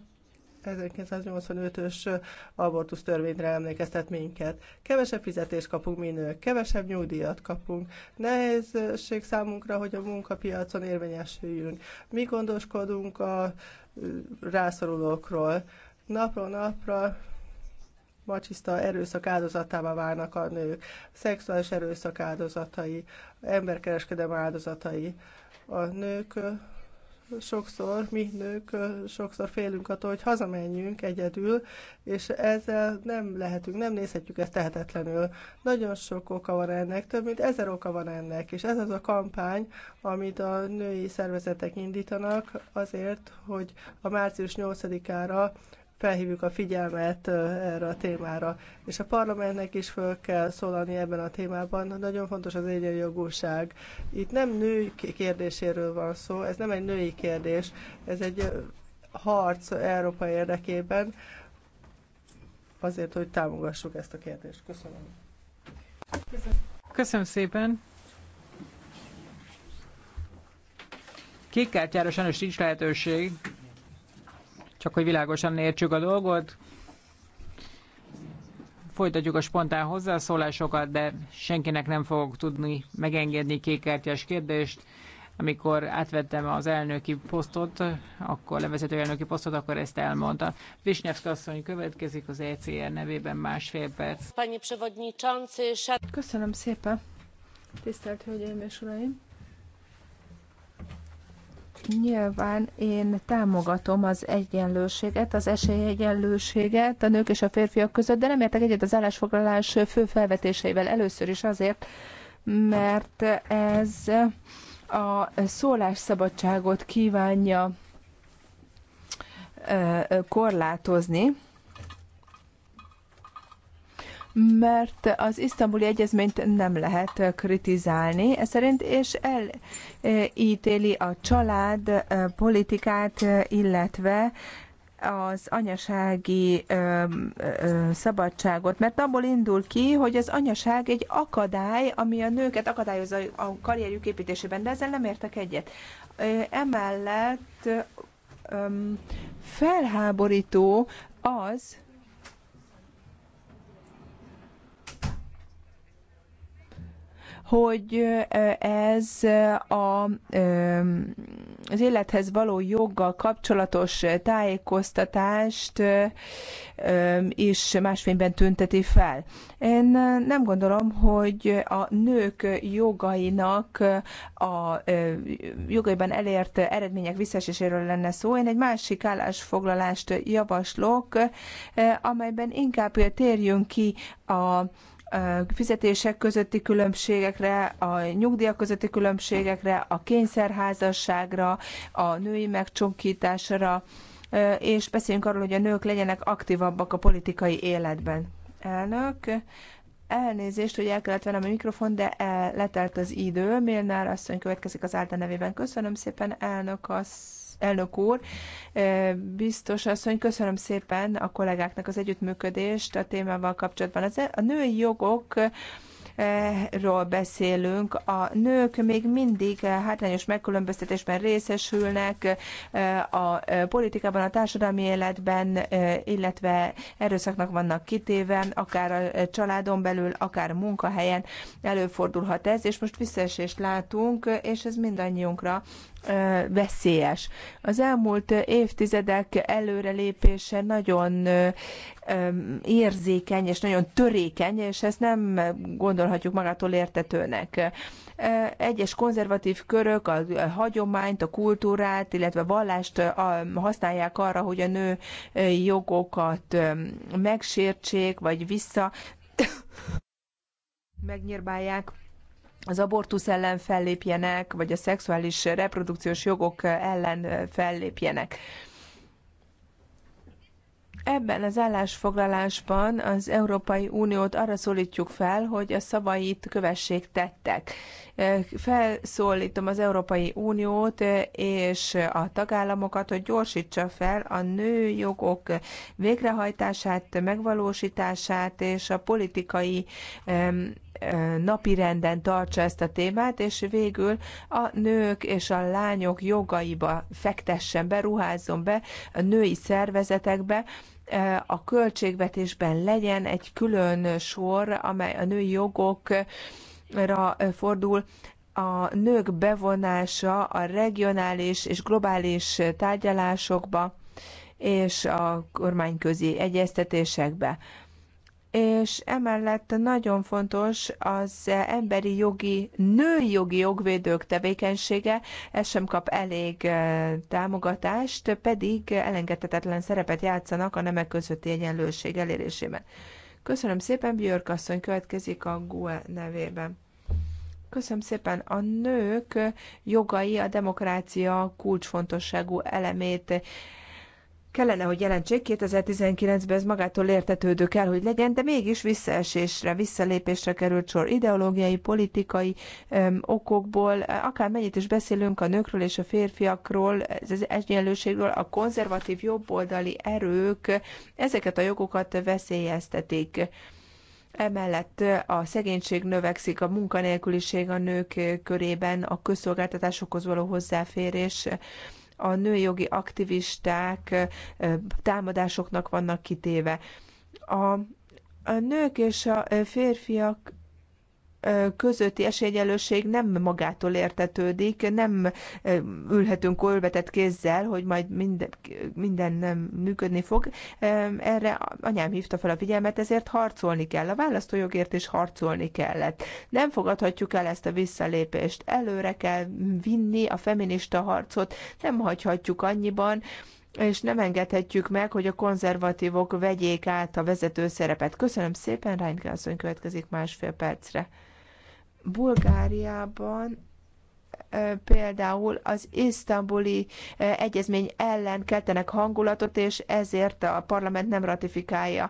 1985-ös abortusz törvényre emlékeztet minket. Kevesebb fizetést kapunk mi nők, kevesebb nyugdíjat kapunk. Nehézség számunkra, hogy a munkapiacon érvényesüljünk. Mi gondoskodunk a rászorulókról. Napról napra macsiszta erőszak áldozatává válnak a nők, szexuális erőszak áldozatai, emberkereskedem áldozatai. A nők sokszor, mi nők sokszor félünk attól, hogy hazamenjünk egyedül, és ezzel nem lehetünk, nem nézhetjük ezt tehetetlenül. Nagyon sok oka van ennek, több mint ezer oka van ennek, és ez az a kampány, amit a női szervezetek indítanak azért, hogy a március 8-ára felhívjuk a figyelmet erre a témára. És a parlamentnek is föl kell szólalni ebben a témában. Nagyon fontos az egyenjogúság. Itt nem női kérdéséről van szó, ez nem egy női kérdés, ez egy harc Európa érdekében azért, hogy támogassuk ezt a kérdést. Köszönöm. Köszönöm, Köszönöm szépen. Kékkártyára sajnos nincs lehetőség. Csak hogy világosan értsük a dolgot, folytatjuk a spontán hozzászólásokat, de senkinek nem fogok tudni megengedni kékkártyás kérdést. Amikor átvettem az elnöki posztot, akkor levezető elnöki posztot, akkor ezt elmondta. Visnyevsk asszony következik az ECR nevében másfél perc. Köszönöm szépen, tisztelt Hölgyeim és Uraim! Nyilván én támogatom az egyenlőséget, az esélyegyenlőséget a nők és a férfiak között, de nem értek egyet az állásfoglalás fő felvetéseivel. Először is azért, mert ez a szólásszabadságot kívánja korlátozni, mert az isztambuli egyezményt nem lehet kritizálni, ez szerint, és elítéli a család politikát, illetve az anyasági ö, ö, szabadságot, mert abból indul ki, hogy az anyaság egy akadály, ami a nőket akadályozza a karrierjük építésében, de ezzel nem értek egyet. Emellett ö, felháborító az, hogy ez a, az élethez való joggal kapcsolatos tájékoztatást is másfényben tünteti fel. Én nem gondolom, hogy a nők jogainak a jogaiban elért eredmények visszaeséséről lenne szó. Én egy másik állásfoglalást javaslok, amelyben inkább térjünk ki a fizetések közötti különbségekre, a nyugdíjak közötti különbségekre, a kényszerházasságra, a női megcsonkításra, és beszéljünk arról, hogy a nők legyenek aktívabbak a politikai életben. Elnök, elnézést, hogy el kellett vennem a mikrofon, de e, letelt az idő. Milnár asszony következik az által nevében. Köszönöm szépen, elnök asszony elnök úr, biztos asszony, köszönöm szépen a kollégáknak az együttműködést a témával kapcsolatban. Az, e- a női jogok ról beszélünk. A nők még mindig hátrányos megkülönböztetésben részesülnek a politikában, a társadalmi életben, illetve erőszaknak vannak kitéve, akár a családon belül, akár a munkahelyen előfordulhat ez, és most visszaesést látunk, és ez mindannyiunkra veszélyes. Az elmúlt évtizedek előrelépése nagyon érzékeny és nagyon törékeny, és ezt nem gondolhatjuk magától értetőnek. Egyes konzervatív körök a hagyományt, a kultúrát, illetve vallást használják arra, hogy a nő jogokat megsértsék, vagy vissza megnyírbálják az abortusz ellen fellépjenek, vagy a szexuális reprodukciós jogok ellen fellépjenek. Ebben az állásfoglalásban az Európai Uniót arra szólítjuk fel, hogy a szavait kövessék tettek. Felszólítom az Európai Uniót és a tagállamokat, hogy gyorsítsa fel a nőjogok végrehajtását, megvalósítását és a politikai napirenden tartsa ezt a témát, és végül a nők és a lányok jogaiba fektessen be, ruházzon be a női szervezetekbe, a költségvetésben legyen egy külön sor, amely a női jogokra fordul, a nők bevonása a regionális és globális tárgyalásokba és a kormányközi egyeztetésekbe és emellett nagyon fontos az emberi jogi, női jogi jogvédők tevékenysége, ez sem kap elég támogatást, pedig elengedhetetlen szerepet játszanak a nemek közötti egyenlőség elérésében. Köszönöm szépen, Björk asszony következik a GUE nevében. Köszönöm szépen. A nők jogai a demokrácia kulcsfontosságú elemét kellene, hogy jelentsék, 2019-ben ez magától értetődő kell, hogy legyen, de mégis visszaesésre, visszalépésre került sor ideológiai, politikai öm, okokból, akár mennyit is beszélünk a nőkről és a férfiakról, ez az egyenlőségről, a konzervatív jobboldali erők ezeket a jogokat veszélyeztetik. Emellett a szegénység növekszik, a munkanélküliség a nők körében, a közszolgáltatásokhoz való hozzáférés a nőjogi aktivisták támadásoknak vannak kitéve. A, a nők és a férfiak közötti esélyegyenlőség nem magától értetődik, nem ülhetünk ölvetett kézzel, hogy majd minden, minden nem működni fog. Erre anyám hívta fel a figyelmet, ezért harcolni kell. A választójogért is harcolni kellett. Nem fogadhatjuk el ezt a visszalépést. Előre kell vinni a feminista harcot, nem hagyhatjuk annyiban, és nem engedhetjük meg, hogy a konzervatívok vegyék át a vezető szerepet. Köszönöm szépen, Reinke asszony következik másfél percre. Bulgáriában például az isztambuli egyezmény ellen keltenek hangulatot, és ezért a parlament nem ratifikálja.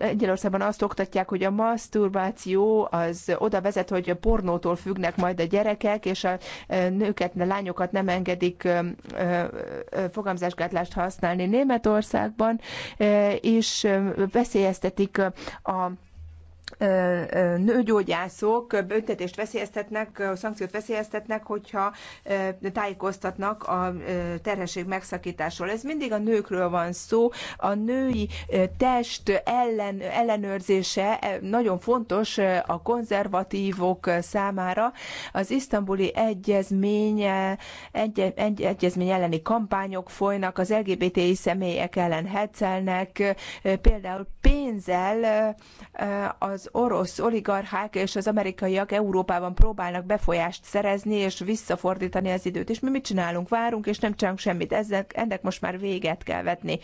Egyelországban azt oktatják, hogy a maszturbáció az oda vezet, hogy a pornótól függnek majd a gyerekek, és a nőket, a lányokat nem engedik fogamzásgátlást használni. Németországban is veszélyeztetik a nőgyógyászok büntetést veszélyeztetnek, szankciót veszélyeztetnek, hogyha tájékoztatnak a terhesség megszakításról. Ez mindig a nőkről van szó. A női test ellen, ellenőrzése nagyon fontos a konzervatívok számára. Az isztambuli egyezmény, egy, egy, egyezmény elleni kampányok folynak, az LGBTI személyek ellen hetszelnek, például pénzzel a az orosz oligarchák és az amerikaiak Európában próbálnak befolyást szerezni és visszafordítani az időt. És mi mit csinálunk? Várunk, és nem csinálunk semmit. Ezzel, ennek most már véget kell vetni.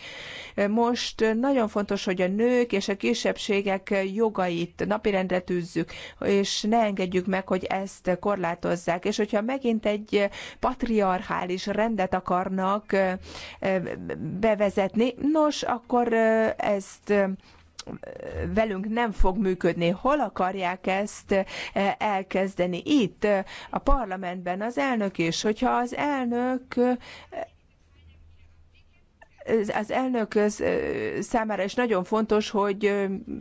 Most nagyon fontos, hogy a nők és a kisebbségek jogait napirendre tűzzük, és ne engedjük meg, hogy ezt korlátozzák. És hogyha megint egy patriarchális rendet akarnak eh, bevezetni, nos, akkor eh, ezt velünk nem fog működni. Hol akarják ezt eh, elkezdeni? Itt, eh, a parlamentben az elnök is, hogyha az elnök eh, az elnök számára is nagyon fontos, hogy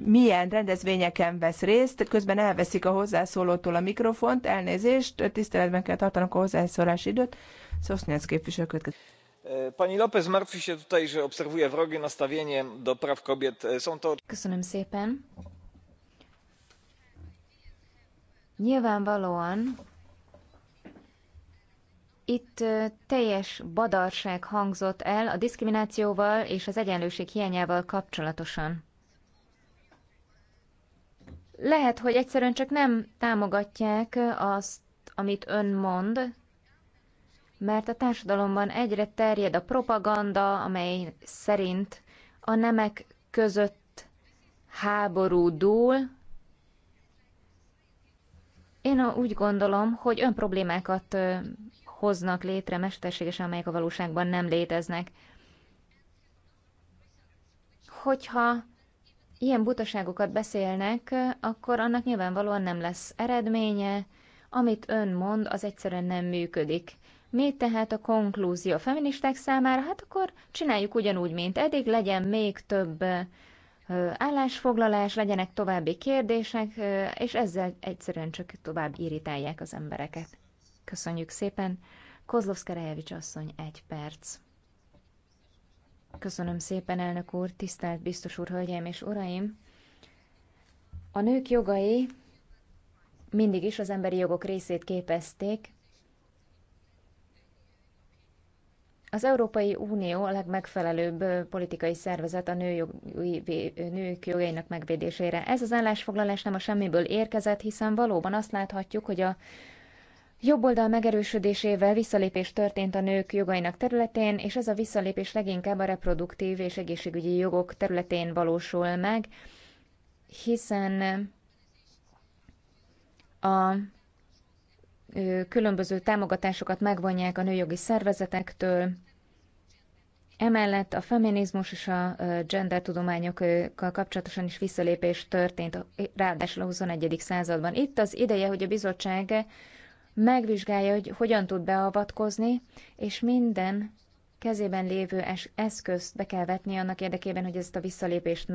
milyen rendezvényeken vesz részt, közben elveszik a hozzászólótól a mikrofont, elnézést, tiszteletben kell tartanunk a hozzászólási időt. Szosznyánc képviselő következik. E, pani López martwi się tutaj, że obserwuje wrogie nastawienie do praw kobiet. E, Nyilvánvalóan itt e, teljes badarság hangzott el a diszkriminációval és az egyenlőség hiányával kapcsolatosan. Lehet, hogy egyszerűen csak nem támogatják azt, amit ön mond, mert a társadalomban egyre terjed a propaganda, amely szerint a nemek között háború dúl. Én úgy gondolom, hogy ön problémákat hoznak létre mesterségesen, amelyek a valóságban nem léteznek. Hogyha ilyen butaságokat beszélnek, akkor annak nyilvánvalóan nem lesz eredménye, amit ön mond, az egyszerűen nem működik. Mi tehát a konklúzió a feministák számára? Hát akkor csináljuk ugyanúgy, mint eddig, legyen még több állásfoglalás, legyenek további kérdések, és ezzel egyszerűen csak tovább irítálják az embereket. Köszönjük szépen. Kozlovszka Rejevics asszony, egy perc. Köszönöm szépen, elnök úr, tisztelt biztos úr, hölgyeim és uraim! A nők jogai mindig is az emberi jogok részét képezték, Az Európai Unió a legmegfelelőbb politikai szervezet a nőjogi, nők jogainak megvédésére. Ez az állásfoglalás nem a semmiből érkezett, hiszen valóban azt láthatjuk, hogy a jobb oldal megerősödésével visszalépés történt a nők jogainak területén, és ez a visszalépés leginkább a reproduktív és egészségügyi jogok területén valósul meg, hiszen a különböző támogatásokat megvonják a nőjogi szervezetektől, Emellett a feminizmus és a gender tudományokkal kapcsolatosan is visszalépés történt, ráadásul a XXI. században. Itt az ideje, hogy a bizottság megvizsgálja, hogy hogyan tud beavatkozni, és minden kezében lévő eszközt be kell vetni annak érdekében, hogy ezt a visszalépést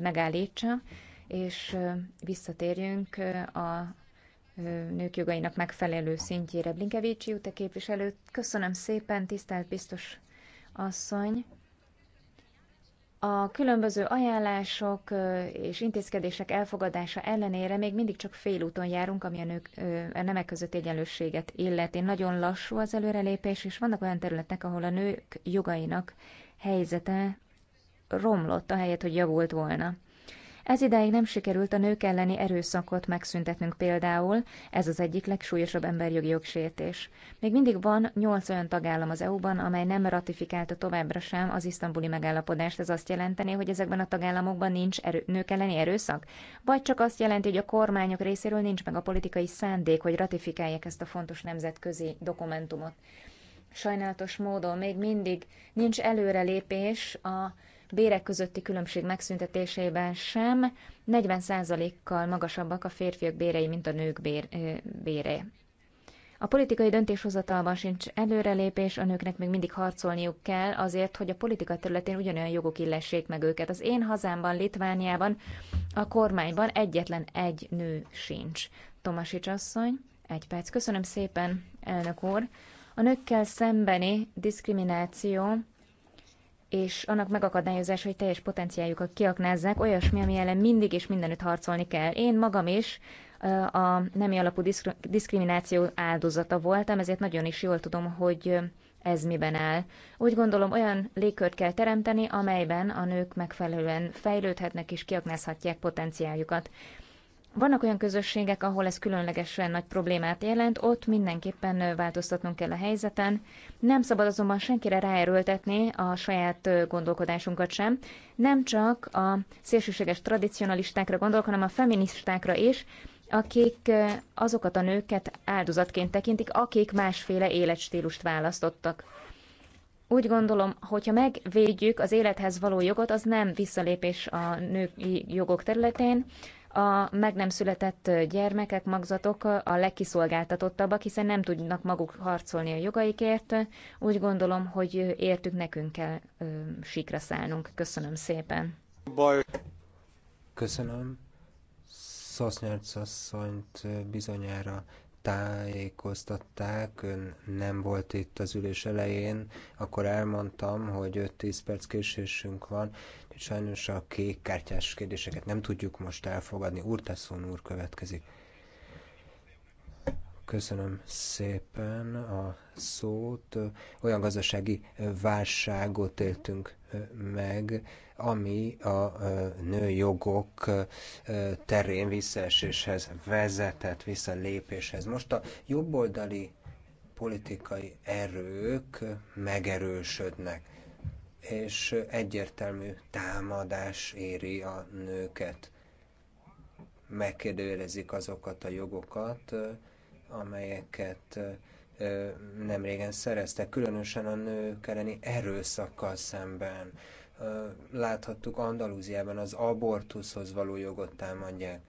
megállítsa, és visszatérjünk a nők jogainak megfelelő szintjére. Blinkevics Jute képviselő, köszönöm szépen, tisztelt biztos asszony. A különböző ajánlások és intézkedések elfogadása ellenére még mindig csak félúton járunk, ami a, nők, a nemek között egyenlőséget illeti. Nagyon lassú az előrelépés, és vannak olyan területek, ahol a nők jogainak helyzete romlott, ahelyett, hogy javult volna. Ez ideig nem sikerült a nők elleni erőszakot megszüntetnünk például, ez az egyik legsúlyosabb emberjogi jogsértés. Még mindig van 8 olyan tagállam az EU-ban, amely nem ratifikálta továbbra sem az isztambuli megállapodást. Ez azt jelenteni, hogy ezekben a tagállamokban nincs erő, nők elleni erőszak? Vagy csak azt jelenti, hogy a kormányok részéről nincs meg a politikai szándék, hogy ratifikálják ezt a fontos nemzetközi dokumentumot? Sajnálatos módon még mindig nincs előrelépés a bérek közötti különbség megszüntetésében sem, 40%-kal magasabbak a férfiak bérei, mint a nők bér, bére. A politikai döntéshozatalban sincs előrelépés, a nőknek még mindig harcolniuk kell azért, hogy a politika területén ugyanolyan jogok illessék meg őket. Az én hazámban, Litvániában, a kormányban egyetlen egy nő sincs. Tomasics asszony, egy perc. Köszönöm szépen, elnök úr. A nőkkel szembeni diszkrimináció és annak megakadályozása, hogy teljes potenciáljukat kiaknázzák, olyasmi, ami ellen mindig és mindenütt harcolni kell. Én magam is a nemi alapú diszkrimináció áldozata voltam, ezért nagyon is jól tudom, hogy ez miben áll. Úgy gondolom, olyan légkört kell teremteni, amelyben a nők megfelelően fejlődhetnek és kiaknázhatják potenciáljukat. Vannak olyan közösségek, ahol ez különlegesen nagy problémát jelent, ott mindenképpen változtatnunk kell a helyzeten. Nem szabad azonban senkire ráerőltetni a saját gondolkodásunkat sem. Nem csak a szélsőséges tradicionalistákra gondolok, hanem a feministákra is, akik azokat a nőket áldozatként tekintik, akik másféle életstílust választottak. Úgy gondolom, hogyha megvédjük az élethez való jogot, az nem visszalépés a női jogok területén, a meg nem született gyermekek, magzatok a legkiszolgáltatottabbak, hiszen nem tudnak maguk harcolni a jogaikért. Úgy gondolom, hogy értük nekünk kell ö, sikra szállnunk. Köszönöm szépen. Baj. Köszönöm. Szasznyárc asszonyt bizonyára tájékoztatták, ön nem volt itt az ülés elején, akkor elmondtam, hogy 5-10 perc késésünk van, és sajnos a kék kártyás kérdéseket nem tudjuk most elfogadni. Urtaszon úr következik. Köszönöm szépen a szót. Olyan gazdasági válságot éltünk meg, ami a nőjogok terén visszaeséshez vezetett, visszalépéshez. Most a jobboldali politikai erők megerősödnek, és egyértelmű támadás éri a nőket. Megkérdőjelezik azokat a jogokat, amelyeket nem régen szereztek, különösen a nők elleni erőszakkal szemben. Láthattuk Andalúziában az abortuszhoz való jogot támadják.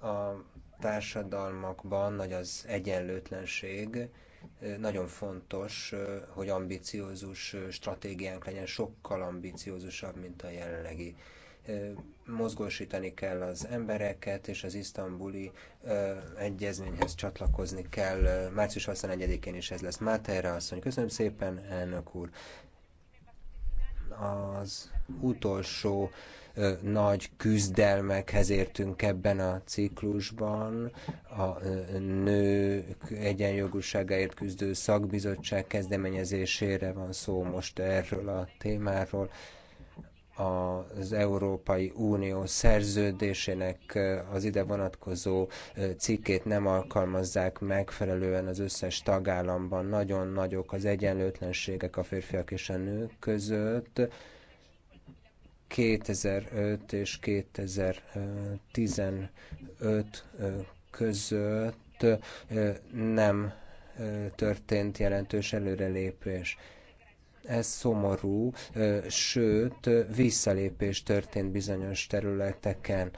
A társadalmakban nagy az egyenlőtlenség, nagyon fontos, hogy ambiciózus stratégiánk legyen, sokkal ambiciózusabb, mint a jelenlegi mozgósítani kell az embereket, és az isztambuli egyezményhez csatlakozni kell. Március 21-én is ez lesz. Máterra asszony, köszönöm szépen, elnök úr. Az utolsó ö, nagy küzdelmekhez értünk ebben a ciklusban. A ö, nők egyenjogúságáért küzdő szakbizottság kezdeményezésére van szó most erről a témáról az Európai Unió szerződésének az ide vonatkozó cikkét nem alkalmazzák megfelelően az összes tagállamban. Nagyon nagyok az egyenlőtlenségek a férfiak és a nők között. 2005 és 2015 között nem történt jelentős előrelépés ez szomorú, sőt, visszalépés történt bizonyos területeken.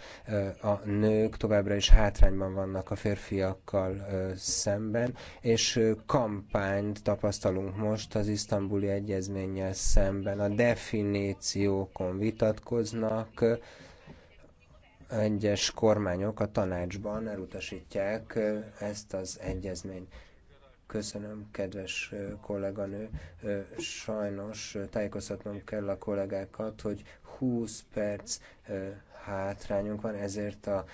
A nők továbbra is hátrányban vannak a férfiakkal szemben, és kampányt tapasztalunk most az isztambuli egyezménnyel szemben. A definíciókon vitatkoznak, egyes kormányok a tanácsban elutasítják ezt az egyezményt. Köszönöm, kedves kolléganő. Sajnos tájékoztatnom kell a kollégákat, hogy 20 perc hátrányunk van, ezért a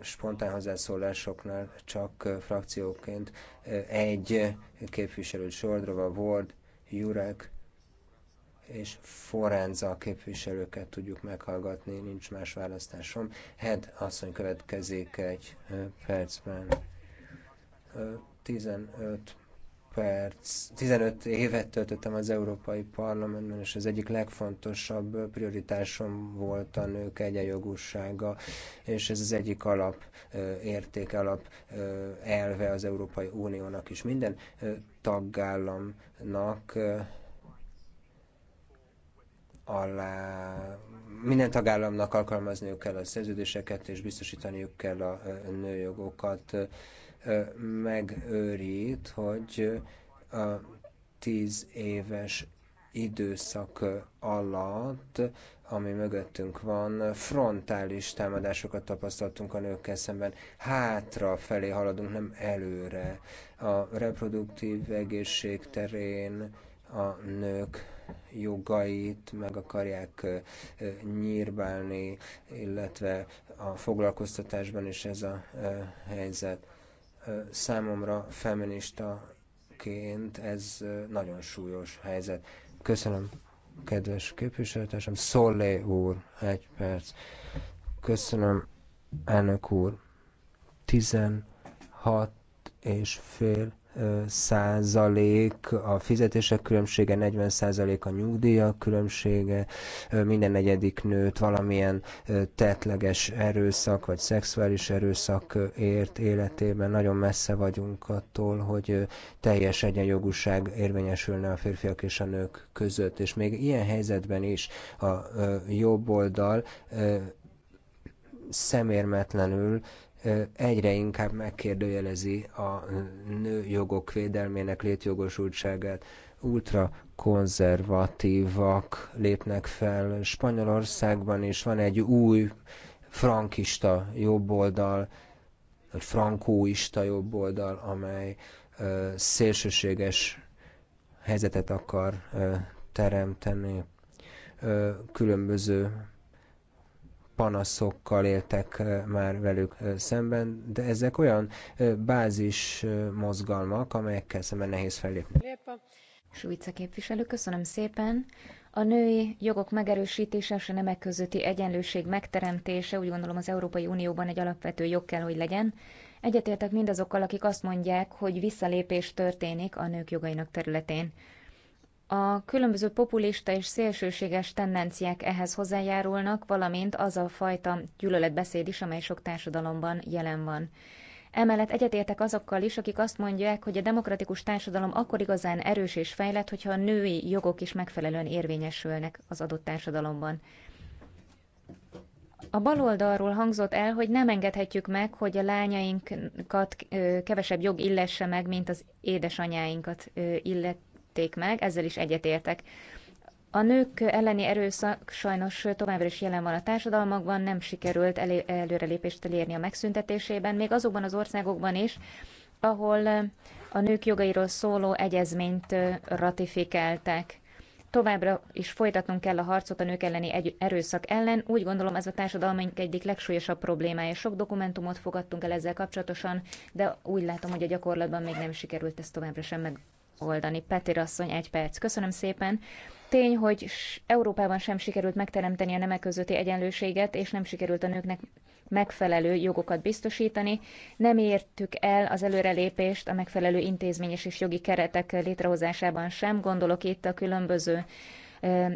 spontán hozzászólásoknál csak frakcióként egy képviselő Soldrova, Ward, Jurek és Forenza képviselőket tudjuk meghallgatni, nincs más választásom. Hát, asszony következik egy percben 15 perc, 15 évet töltöttem az Európai Parlamentben, és az egyik legfontosabb prioritásom volt a nők egyenjogúsága, és ez az egyik alap érték, alap elve az Európai Uniónak is. Minden tagállamnak alá minden tagállamnak alkalmazniuk kell a szerződéseket, és biztosítaniuk kell a nőjogokat megőrít, hogy a tíz éves időszak alatt, ami mögöttünk van, frontális támadásokat tapasztaltunk a nőkkel szemben. Hátra felé haladunk, nem előre. A reproduktív egészség terén a nők jogait meg akarják nyírbálni, illetve a foglalkoztatásban is ez a helyzet számomra feministaként ez nagyon súlyos helyzet. Köszönöm, kedves képviselőtársam. Szollé úr, egy perc. Köszönöm, elnök úr. 16 és fél százalék a fizetések különbsége, 40 százalék a nyugdíjak különbsége, minden negyedik nőt valamilyen tetleges erőszak vagy szexuális erőszak ért életében. Nagyon messze vagyunk attól, hogy teljes egyenjogúság érvényesülne a férfiak és a nők között. És még ilyen helyzetben is a jobb oldal szemérmetlenül egyre inkább megkérdőjelezi a nő jogok védelmének létjogosultságát. Ultra konzervatívak lépnek fel. Spanyolországban is van egy új frankista jobboldal, vagy frankóista jobboldal, amely ö, szélsőséges helyzetet akar ö, teremteni. Ö, különböző panaszokkal éltek már velük szemben, de ezek olyan bázis mozgalmak, amelyekkel szemben nehéz fellépni. Suica képviselő, köszönöm szépen. A női jogok megerősítése és a nemek közötti egyenlőség megteremtése úgy gondolom az Európai Unióban egy alapvető jog kell, hogy legyen. Egyetértek mindazokkal, akik azt mondják, hogy visszalépés történik a nők jogainak területén. A különböző populista és szélsőséges tendenciák ehhez hozzájárulnak, valamint az a fajta gyűlöletbeszéd is, amely sok társadalomban jelen van. Emellett egyetértek azokkal is, akik azt mondják, hogy a demokratikus társadalom akkor igazán erős és fejlett, hogyha a női jogok is megfelelően érvényesülnek az adott társadalomban. A baloldalról hangzott el, hogy nem engedhetjük meg, hogy a lányainkat kevesebb jog illesse meg, mint az édesanyáinkat illet, tették meg, ezzel is egyetértek. A nők elleni erőszak sajnos továbbra is jelen van a társadalmakban, nem sikerült elé- előrelépést elérni a megszüntetésében, még azokban az országokban is, ahol a nők jogairól szóló egyezményt ratifikálták. Továbbra is folytatnunk kell a harcot a nők elleni erőszak ellen. Úgy gondolom ez a társadalmunk egyik legsúlyosabb problémája. Sok dokumentumot fogadtunk el ezzel kapcsolatosan, de úgy látom, hogy a gyakorlatban még nem sikerült ezt továbbra sem meg oldani. Petir asszony, egy perc. Köszönöm szépen. Tény, hogy Európában sem sikerült megteremteni a nemek közötti egyenlőséget, és nem sikerült a nőknek megfelelő jogokat biztosítani. Nem értük el az előrelépést a megfelelő intézményes és jogi keretek létrehozásában sem. Gondolok itt a különböző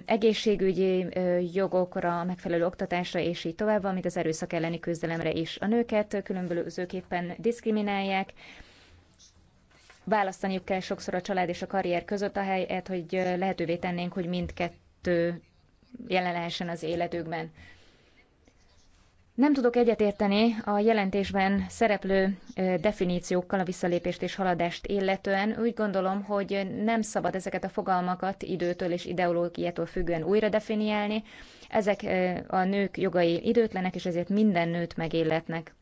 egészségügyi jogokra, megfelelő oktatásra és így tovább, amit az erőszak elleni küzdelemre is. A nőket különbözőképpen diszkriminálják, választaniuk kell sokszor a család és a karrier között, ahelyett, hogy lehetővé tennénk, hogy mindkettő jelen lehessen az életükben. Nem tudok egyetérteni a jelentésben szereplő definíciókkal a visszalépést és haladást illetően. Úgy gondolom, hogy nem szabad ezeket a fogalmakat időtől és ideológiától függően újra definiálni. Ezek a nők jogai időtlenek, és ezért minden nőt megilletnek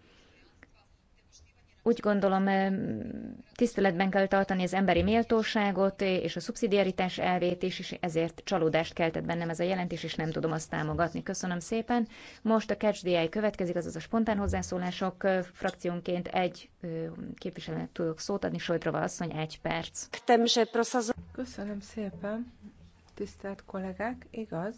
úgy gondolom tiszteletben kell tartani az emberi méltóságot és a szubszidiaritás elvét is, és ezért csalódást keltett bennem ez a jelentés, és nem tudom azt támogatni. Köszönöm szépen. Most a Catch DI következik, azaz a spontán hozzászólások frakciónként egy képviselőnek tudok szót adni, Sojtrova asszony, egy perc. Köszönöm szépen, tisztelt kollégák, igaz,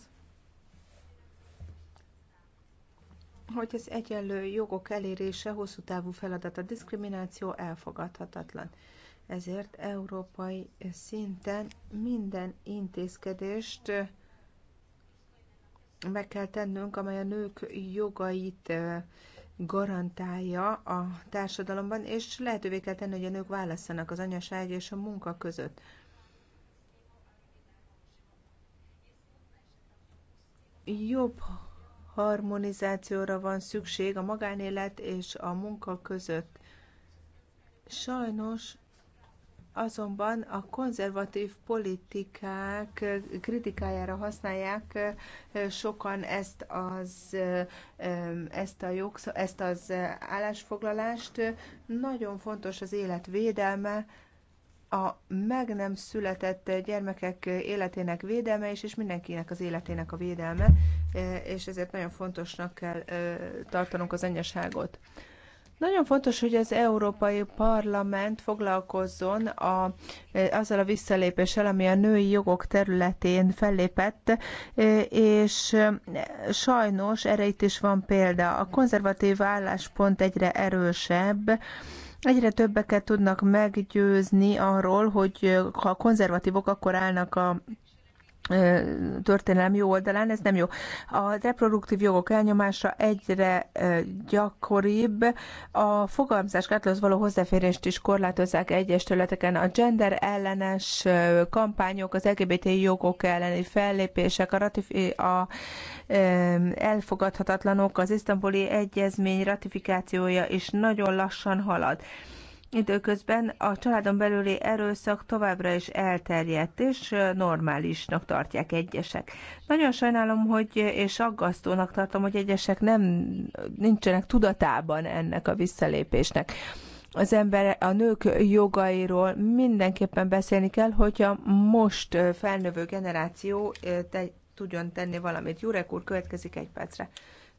hogy az egyenlő jogok elérése hosszú távú feladat. A diszkrimináció elfogadhatatlan. Ezért európai szinten minden intézkedést eh, meg kell tennünk, amely a nők jogait eh, garantálja a társadalomban, és lehetővé kell tenni, hogy a nők válasszanak az anyaság és a munka között. Jobb harmonizációra van szükség a magánélet és a munka között. Sajnos azonban a konzervatív politikák kritikájára használják sokan ezt az, ezt a jogsz, ezt az állásfoglalást. Nagyon fontos az élet védelme, a meg nem született gyermekek életének védelme és, és mindenkinek az életének a védelme, e, és ezért nagyon fontosnak kell e, tartanunk az anyaságot. Nagyon fontos, hogy az Európai Parlament foglalkozzon a, e, azzal a visszalépéssel, ami a női jogok területén fellépett, és sajnos erre itt is van példa. A konzervatív álláspont egyre erősebb, Egyre többeket tudnak meggyőzni arról, hogy ha a konzervatívok akkor állnak a történelem jó oldalán, ez nem jó. A reproduktív jogok elnyomása egyre gyakoribb. A fogalmazás fogalmazásgátlóhoz való hozzáférést is korlátozzák egyes területeken. A gender ellenes kampányok, az LGBT jogok elleni fellépések, a, ratifi- a elfogadhatatlanok, az isztambuli egyezmény ratifikációja is nagyon lassan halad. Időközben a családon belüli erőszak továbbra is elterjedt, és normálisnak tartják egyesek. Nagyon sajnálom, hogy és aggasztónak tartom, hogy egyesek nem nincsenek tudatában ennek a visszalépésnek az ember, a nők jogairól mindenképpen beszélni kell, hogyha most felnövő generáció te, tudjon tenni valamit. Jurek úr, következik egy percre.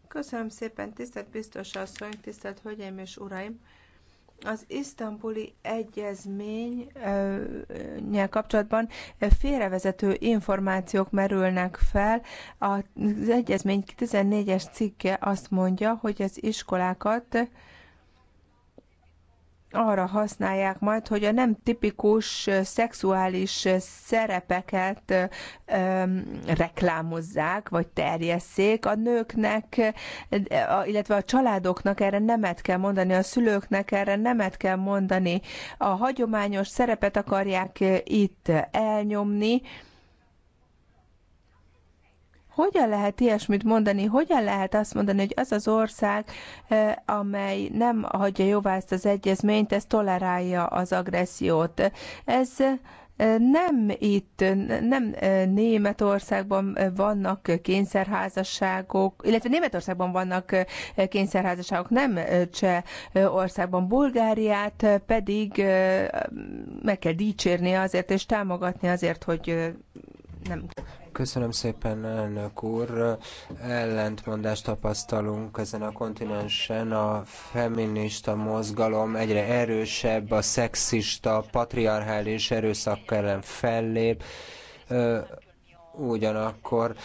Köszönöm szépen, tisztelt biztos asszony, tisztelt hölgyeim és uraim! az isztambuli egyezménynyel kapcsolatban félrevezető információk merülnek fel. Az egyezmény 14-es cikke azt mondja, hogy az iskolákat arra használják majd, hogy a nem tipikus szexuális szerepeket reklámozzák, vagy terjesszék a nőknek, illetve a családoknak erre nemet kell mondani, a szülőknek erre nemet kell mondani. A hagyományos szerepet akarják itt elnyomni, hogyan lehet ilyesmit mondani? Hogyan lehet azt mondani, hogy az az ország, eh, amely nem hagyja jóvá ezt az egyezményt, ez tolerálja az agressziót? Ez eh, nem itt, nem eh, Németországban vannak kényszerházasságok, illetve Németországban vannak kényszerházasságok, nem Csehországban. Bulgáriát pedig meg kell dicsérni azért, és támogatni azért, hogy nem. Köszönöm szépen, elnök úr. Ellentmondást tapasztalunk ezen a kontinensen. A feminista mozgalom egyre erősebb, a szexista, patriarchális erőszak ellen fellép ugyanakkor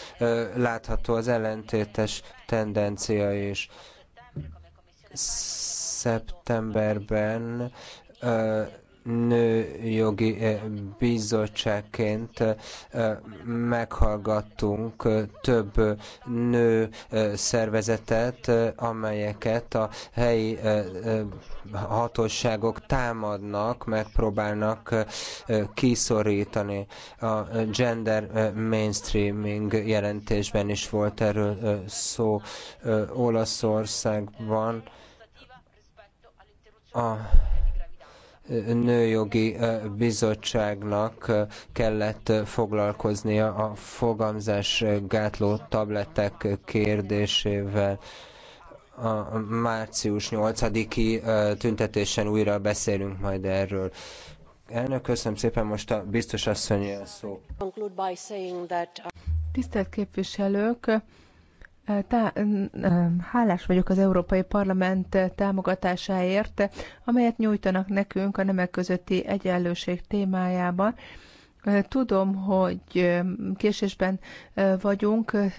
látható az ellentétes tendencia is. Szeptemberben nőjogi eh, bizottságként eh, meghallgattunk eh, több nő szervezetet, amelyeket a helyi hatóságok támadnak, megpróbálnak kiszorítani. A gender mainstreaming jelentésben is volt erről szó Olaszországban. A nőjogi bizottságnak kellett foglalkoznia a fogamzás gátló tablettek kérdésével a március 8-i tüntetésen újra beszélünk majd erről. Elnök, köszönöm szépen, most a biztos asszony a szó. Uh, Tisztelt képviselők, Tá, hálás vagyok az Európai Parlament támogatásáért, amelyet nyújtanak nekünk a nemek közötti egyenlőség témájában. Tudom, hogy késésben vagyunk,